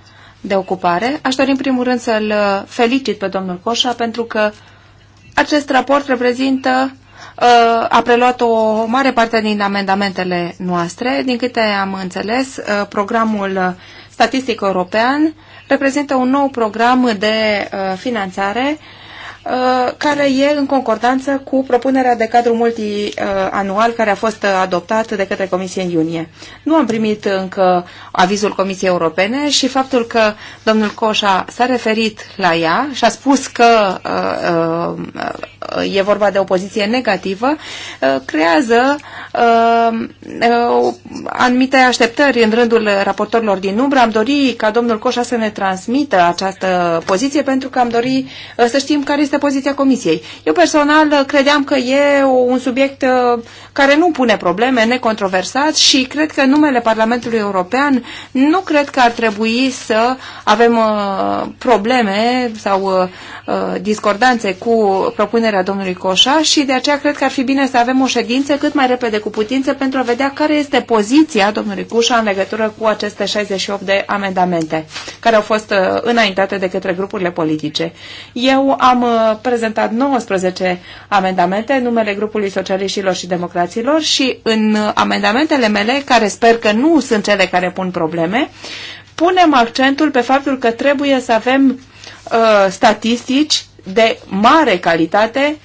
Speaker 4: de Ocupare. Aș dori în primul rând să-l felicit pe domnul Coșa pentru că acest raport reprezintă Uh, a preluat o mare parte din amendamentele noastre. Din câte am înțeles, uh, programul statistic european reprezintă un nou program de uh, finanțare Uh, care e în concordanță cu propunerea de cadru multianual care a fost adoptat de către Comisie în iunie. Nu am primit încă avizul Comisiei Europene și faptul că domnul Coșa s-a referit la ea și a spus că uh, uh, e vorba de o poziție negativă, creează anumite așteptări în rândul raportorilor din umbră. Am dorit ca domnul Coșa să ne transmită această poziție pentru că am dorit să știm care este este poziția Comisiei. Eu personal uh, credeam că e un subiect uh, care nu pune probleme, necontroversat și cred că numele Parlamentului European nu cred că ar trebui să avem uh, probleme sau discordanțe cu propunerea domnului Coșa și de aceea cred că ar fi bine să avem o ședință cât mai repede cu putință pentru a vedea care este poziția domnului Coșa în legătură cu aceste 68 de amendamente care au fost înaintate de către grupurile politice. Eu am prezentat 19 amendamente în numele grupului socialiștilor și democraților și în amendamentele mele, care sper că nu sunt cele care pun probleme, punem accentul pe faptul că trebuie să avem uh, statistici de mare calitate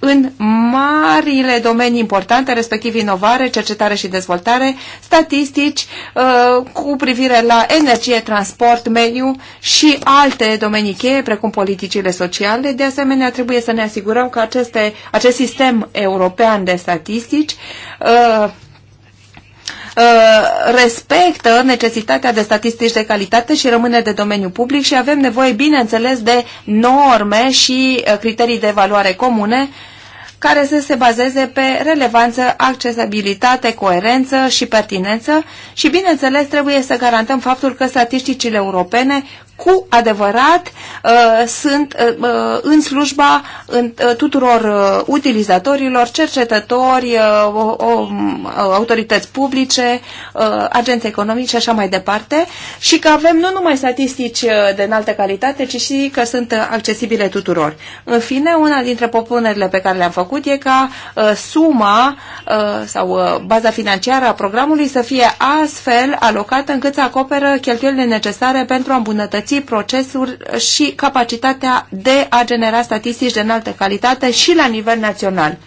Speaker 4: în marile domenii importante, respectiv inovare, cercetare și dezvoltare, statistici uh, cu privire la energie, transport, mediu și alte domenii cheie, precum politicile sociale. De asemenea, trebuie să ne asigurăm că aceste, acest sistem european de statistici uh, Uh, respectă necesitatea de statistici de calitate și rămâne de domeniu public și avem nevoie, bineînțeles, de norme și uh, criterii de evaluare comune care să se bazeze pe relevanță, accesibilitate, coerență și pertinență și, bineînțeles, trebuie să garantăm faptul că statisticile europene cu adevărat uh, sunt uh, uh, în slujba în, uh, tuturor uh, utilizatorilor, cercetători, uh, um, uh, autorități publice, uh, agenți economici și așa mai departe și că avem nu numai statistici uh, de înaltă calitate, ci și că sunt accesibile tuturor. În fine, una dintre propunerile pe care le-am făcut e ca uh, suma uh, sau uh, baza financiară a programului să fie astfel alocată încât să acoperă cheltuielile necesare pentru a îmbunătăți îmbunătăți procesul și capacitatea de a genera statistici de înaltă calitate și la nivel național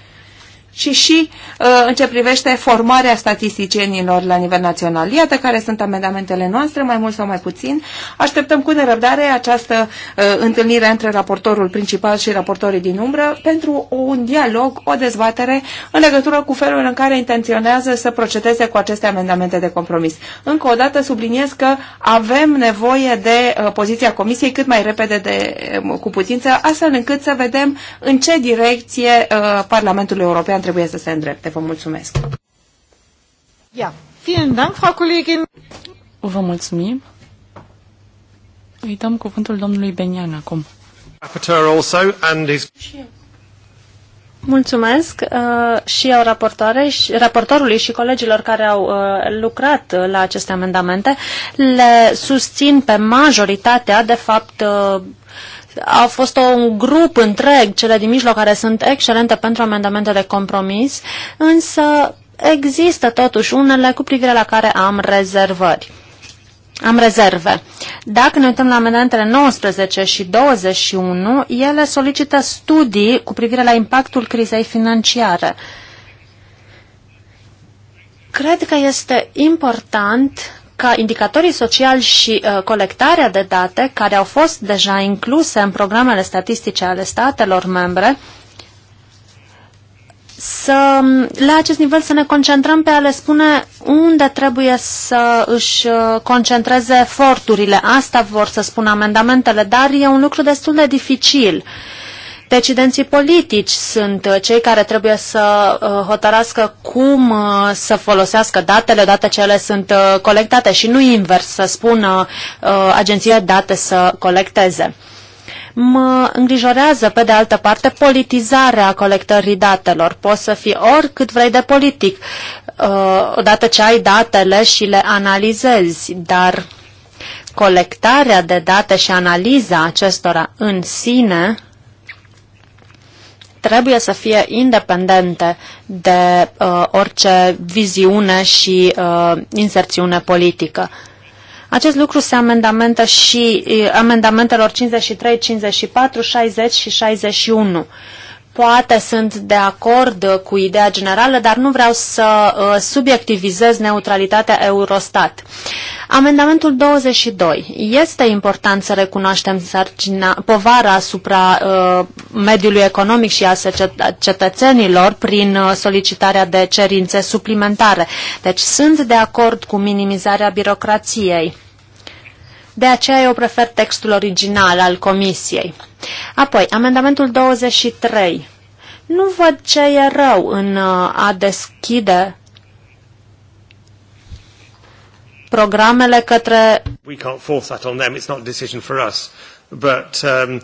Speaker 4: și și uh, în ce privește formarea statisticienilor la nivel național. Iată care sunt amendamentele noastre, mai mult sau mai puțin. Așteptăm cu nerăbdare această uh, întâlnire între raportorul principal și raportorii din umbră pentru un dialog, o dezbatere în legătură cu felul în care intenționează să procedeze cu aceste amendamente de compromis. Încă o dată subliniez că avem nevoie de uh, poziția Comisiei cât mai repede de, uh, cu putință, astfel încât să vedem în ce direcție uh, Parlamentul European trebuie să se îndrepte. Vă mulțumesc.
Speaker 1: Ja, vielen Dank, Frau Kollegin. Vă mulțumim. Îi dăm cuvântul domnului Benian acum.
Speaker 2: Mulțumesc uh, și eu raportoare, și, raportorului și colegilor care au uh, lucrat uh, la aceste amendamente. Le susțin pe majoritatea, de fapt, uh, a fost un grup întreg, cele din mijloc, care sunt excelente pentru amendamente de compromis, însă există totuși unele cu privire la care am rezervări. Am rezerve. Dacă ne uităm la amendamentele 19 și 21, ele solicită studii cu privire la impactul crizei financiare. Cred că este important ca indicatorii sociali și uh, colectarea de date, care au fost deja incluse în programele statistice ale statelor membre, să, la acest nivel să ne concentrăm pe a le spune unde trebuie să își uh, concentreze eforturile. Asta vor să spun amendamentele, dar e un lucru destul de dificil. Uh, decidenții politici sunt uh, cei care trebuie să uh, hotărască cum uh, să folosească datele odată ce ele sunt colectate și nu invers să spună agenția date să colecteze. Mă îngrijorează, pe de altă parte, politizarea colectării datelor. Poți să fii oricât vrei de politic, odată ce ai datele și le analizezi, dar colectarea de date și analiza acestora în sine trebuie să fie independente de uh, orice viziune și uh, inserțiune politică. Acest lucru se amendamentă și uh, amendamentelor 53, 54, 60 și 61. Poate sunt de acord cu ideea generală, dar nu vreau să uh, subiectivizez neutralitatea Eurostat. Amendamentul 22. Este important să recunoaștem sarcina, povara asupra uh, mediului economic și a cetățenilor prin uh, solicitarea de cerințe suplimentare. Deci sunt de acord cu minimizarea birocrației. De aceea eu prefer textul original al comisiei. Apoi, amendamentul 23. Nu văd ce e rău în uh, a deschide programele către... We can't force that on them, it's not a decision for us, but... Um,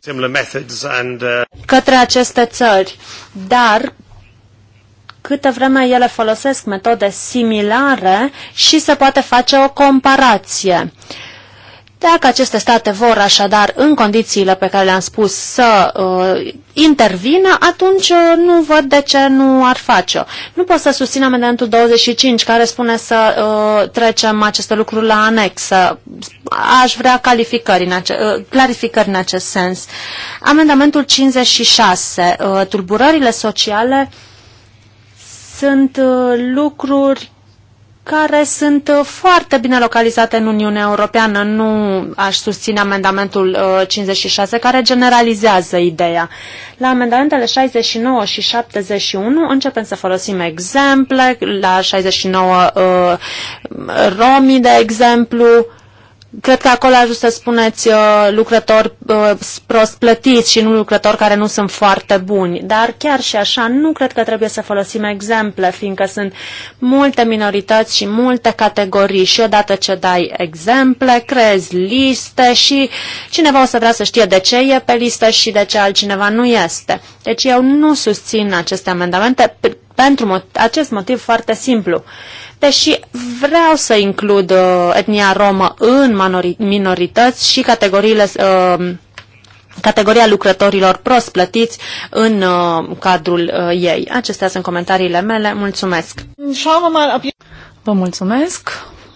Speaker 2: Similar methods and, uh... către aceste țări, dar câtă vreme ele folosesc metode similare și se poate face o comparație. Dacă aceste state vor așadar, în condițiile pe care le-am spus, să uh, intervină, atunci uh, nu văd de ce nu ar face-o. Nu pot să susțin amendamentul 25 care spune să uh, trecem aceste lucruri la anexă. Aș vrea calificări în ace- uh, clarificări în acest sens. Amendamentul 56, uh, tulburările sociale uh, sunt uh, lucruri care sunt uh, foarte bine localizate în Uniunea Europeană. Nu aș susține amendamentul 56 uh, care generalizează ideea. La amendamentele 69 și 71 începem să folosim exemple, la 69 romii de exemplu, Cred că acolo ajuns să spuneți uh, lucrători uh, prost plătiți și nu lucrători care nu sunt foarte buni. Dar chiar și așa, nu cred că trebuie să folosim exemple, fiindcă sunt multe minorități și multe categorii și odată ce dai exemple, crezi liste și cineva o să vrea să știe de ce e pe listă și de ce altcineva nu este. Deci eu nu susțin aceste amendamente pentru mot- acest motiv foarte simplu. Uh, deși vreau să includ uh, etnia romă în minorități și categoriile uh, categoria lucrătorilor prost plătiți în uh, cadrul uh, ei. Acestea sunt
Speaker 1: comentariile mele. Mulțumesc! Vă mulțumesc!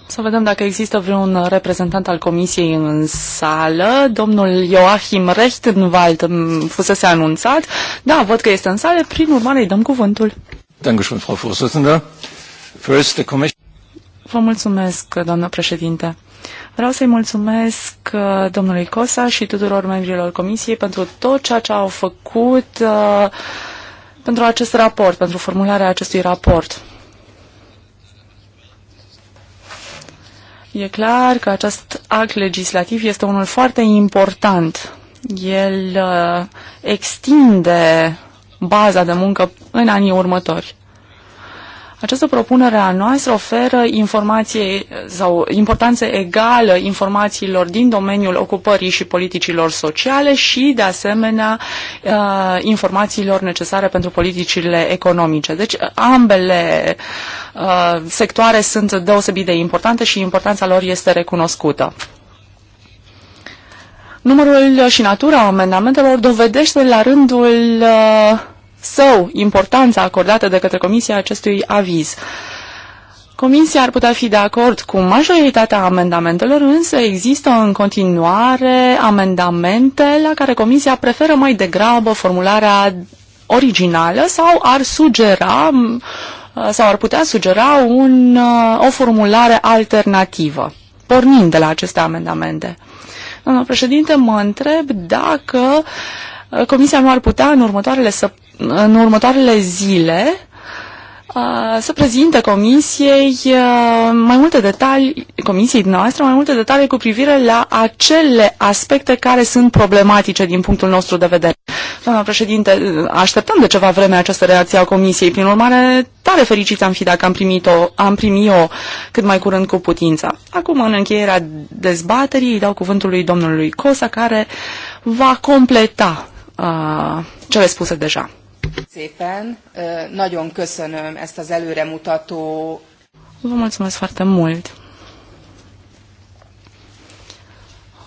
Speaker 1: Să vedem dacă există vreun reprezentant al comisiei în sală. Domnul Joachim Rechtenwald mm, fusese anunțat. Da, văd că este în sală. Prin urmare îi dăm cuvântul.
Speaker 4: Dankeschön, Frau Vorsitzende. First, the
Speaker 1: Vă mulțumesc, doamnă președinte. Vreau să-i mulțumesc uh, domnului Cosa și tuturor membrilor comisiei pentru tot ceea ce au făcut uh, pentru acest raport, pentru formularea acestui raport. E clar că acest act legislativ este unul foarte important. El uh, extinde baza de muncă în anii următori. Această propunere a noastră oferă informație eh, sau importanță egală informațiilor din domeniul ocupării și politicilor sociale și, de asemenea, eh, informațiilor necesare pentru politicile economice. Deci, ambele eh, sectoare sunt deosebit de importante și importanța lor este recunoscută. Numărul și natura amendamentelor dovedește la rândul uh, său, importanța acordată de către Comisia acestui aviz. Comisia ar putea fi de acord cu majoritatea amendamentelor, însă există în continuare amendamente la care Comisia preferă mai degrabă formularea originală sau ar sugera sau ar putea sugera un, o formulare alternativă, pornind de la aceste amendamente. Domnul președinte, mă întreb dacă uh, Uh, comisia nu ar putea în următoarele, în următoarele zile uh, să prezinte comisiei uh, mai multe detalii, comisiei noastre mai multe detalii cu privire la acele aspecte care sunt problematice din punctul nostru de vedere. Doamna președinte, așteptăm de ceva vreme această reacție a comisiei, prin urmare, tare fericit am fi dacă am primit-o, am primit-o cât mai curând cu putința. Acum, în încheierea dezbaterii, îi dau cuvântul lui domnului Cosa, care va completa ce cele spuse deja.
Speaker 4: Szépen, nagyon köszönöm ezt az előremutató...
Speaker 1: Vă mulțumesc foarte mult!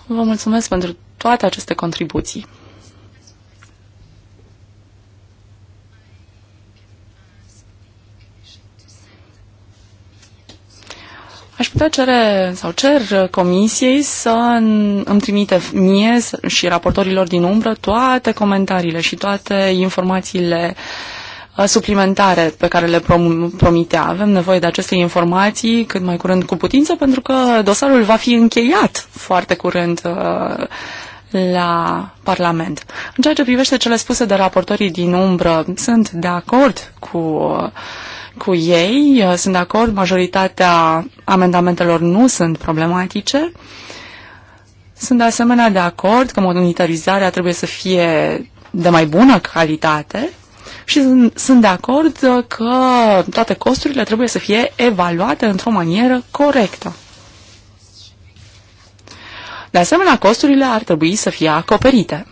Speaker 1: Vă mulțumesc pentru toate aceste contribuții. Aș putea cere sau cer comisiei să îmi trimite mie și raportorilor din umbră toate comentariile și toate informațiile uh, suplimentare pe care le prom promitea. Avem nevoie de aceste informații cât mai curând cu putință pentru că dosarul va fi încheiat foarte curând uh, la Parlament. În ceea ce privește cele spuse de raportorii din umbră, sunt de acord cu uh, cu ei, sunt de acord, majoritatea amendamentelor nu sunt problematice. Sunt de asemenea de acord că monitorizarea trebuie să fie de mai bună calitate și sunt de acord că toate costurile trebuie să fie evaluate într-o manieră corectă. De asemenea, costurile ar trebui să fie acoperite.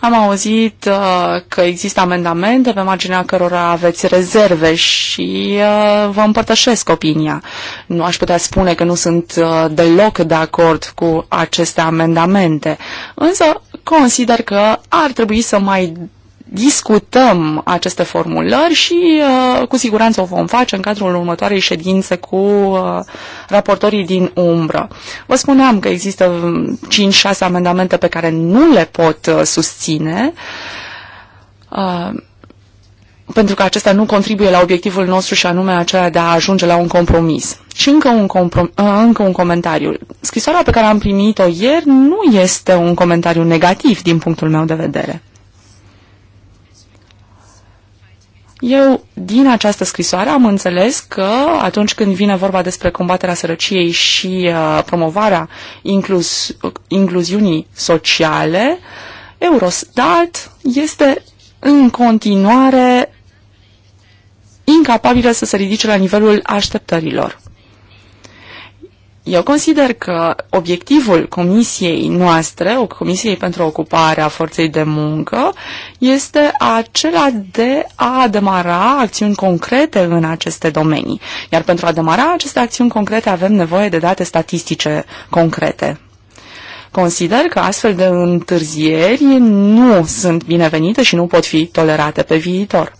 Speaker 1: Am auzit uh, că există amendamente pe marginea cărora aveți rezerve și uh, vă împărtășesc opinia. Nu aș putea spune că nu sunt uh, deloc de acord cu aceste amendamente, însă consider că ar trebui să mai discutăm aceste formulări și uh, cu siguranță o vom face în cadrul următoarei ședințe cu uh, raportorii din umbră. Vă spuneam că există 5-6 um, amendamente pe care nu le pot uh, susține. Uh, pentru că acesta nu contribuie la obiectivul nostru și anume acela de a ajunge la un compromis. Și încă un, comprom- uh, încă un comentariu. Scrisoarea pe care am primit-o ieri nu este un comentariu negativ din punctul meu de vedere. Eu, din această scrisoare, am înțeles că atunci când vine vorba despre combaterea sărăciei și uh, promovarea inclus, incluziunii sociale, Eurostat este în continuare incapabilă să se ridice la nivelul așteptărilor. Eu consider că obiectivul comisiei noastre, o comisiei pentru ocuparea forței de muncă, este acela de a demara acțiuni concrete în aceste domenii. Iar pentru a demara aceste acțiuni concrete avem nevoie de date statistice concrete. Consider că astfel de întârzieri nu sunt binevenite și nu pot fi tolerate pe viitor.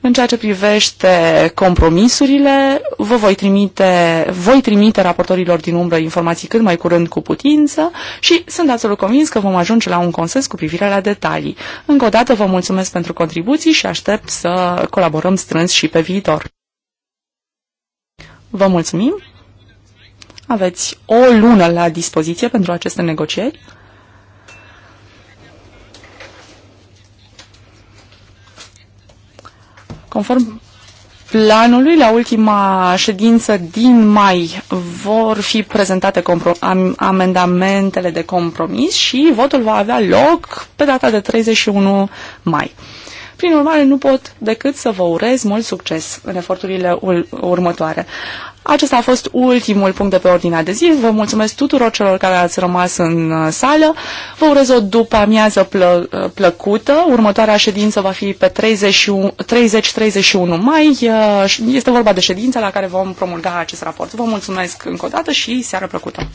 Speaker 1: În ceea ce privește compromisurile, vă voi trimite, voi trimite raportorilor din umbră informații cât mai curând cu putință și sunt absolut convins că vom ajunge la un consens cu privire la detalii. Încă o dată vă mulțumesc pentru contribuții și aștept să colaborăm strâns și pe viitor. Vă mulțumim! Aveți o lună la dispoziție pentru aceste negocieri. Conform planului, la ultima ședință din mai vor fi prezentate amendamentele de compromis și votul va avea loc pe data de 31 mai. Prin urmare, nu pot decât să vă urez mult succes în eforturile următoare. Acesta a fost ultimul punct de pe ordinea de zi. Vă mulțumesc tuturor celor care ați rămas în uh, sală. Vă urez o după amiază plă, uh, plăcută. Următoarea ședință va fi pe 30-31 mai. Uh, este vorba de ședința la care vom promulga acest raport. Vă mulțumesc încă o dată și seară plăcută!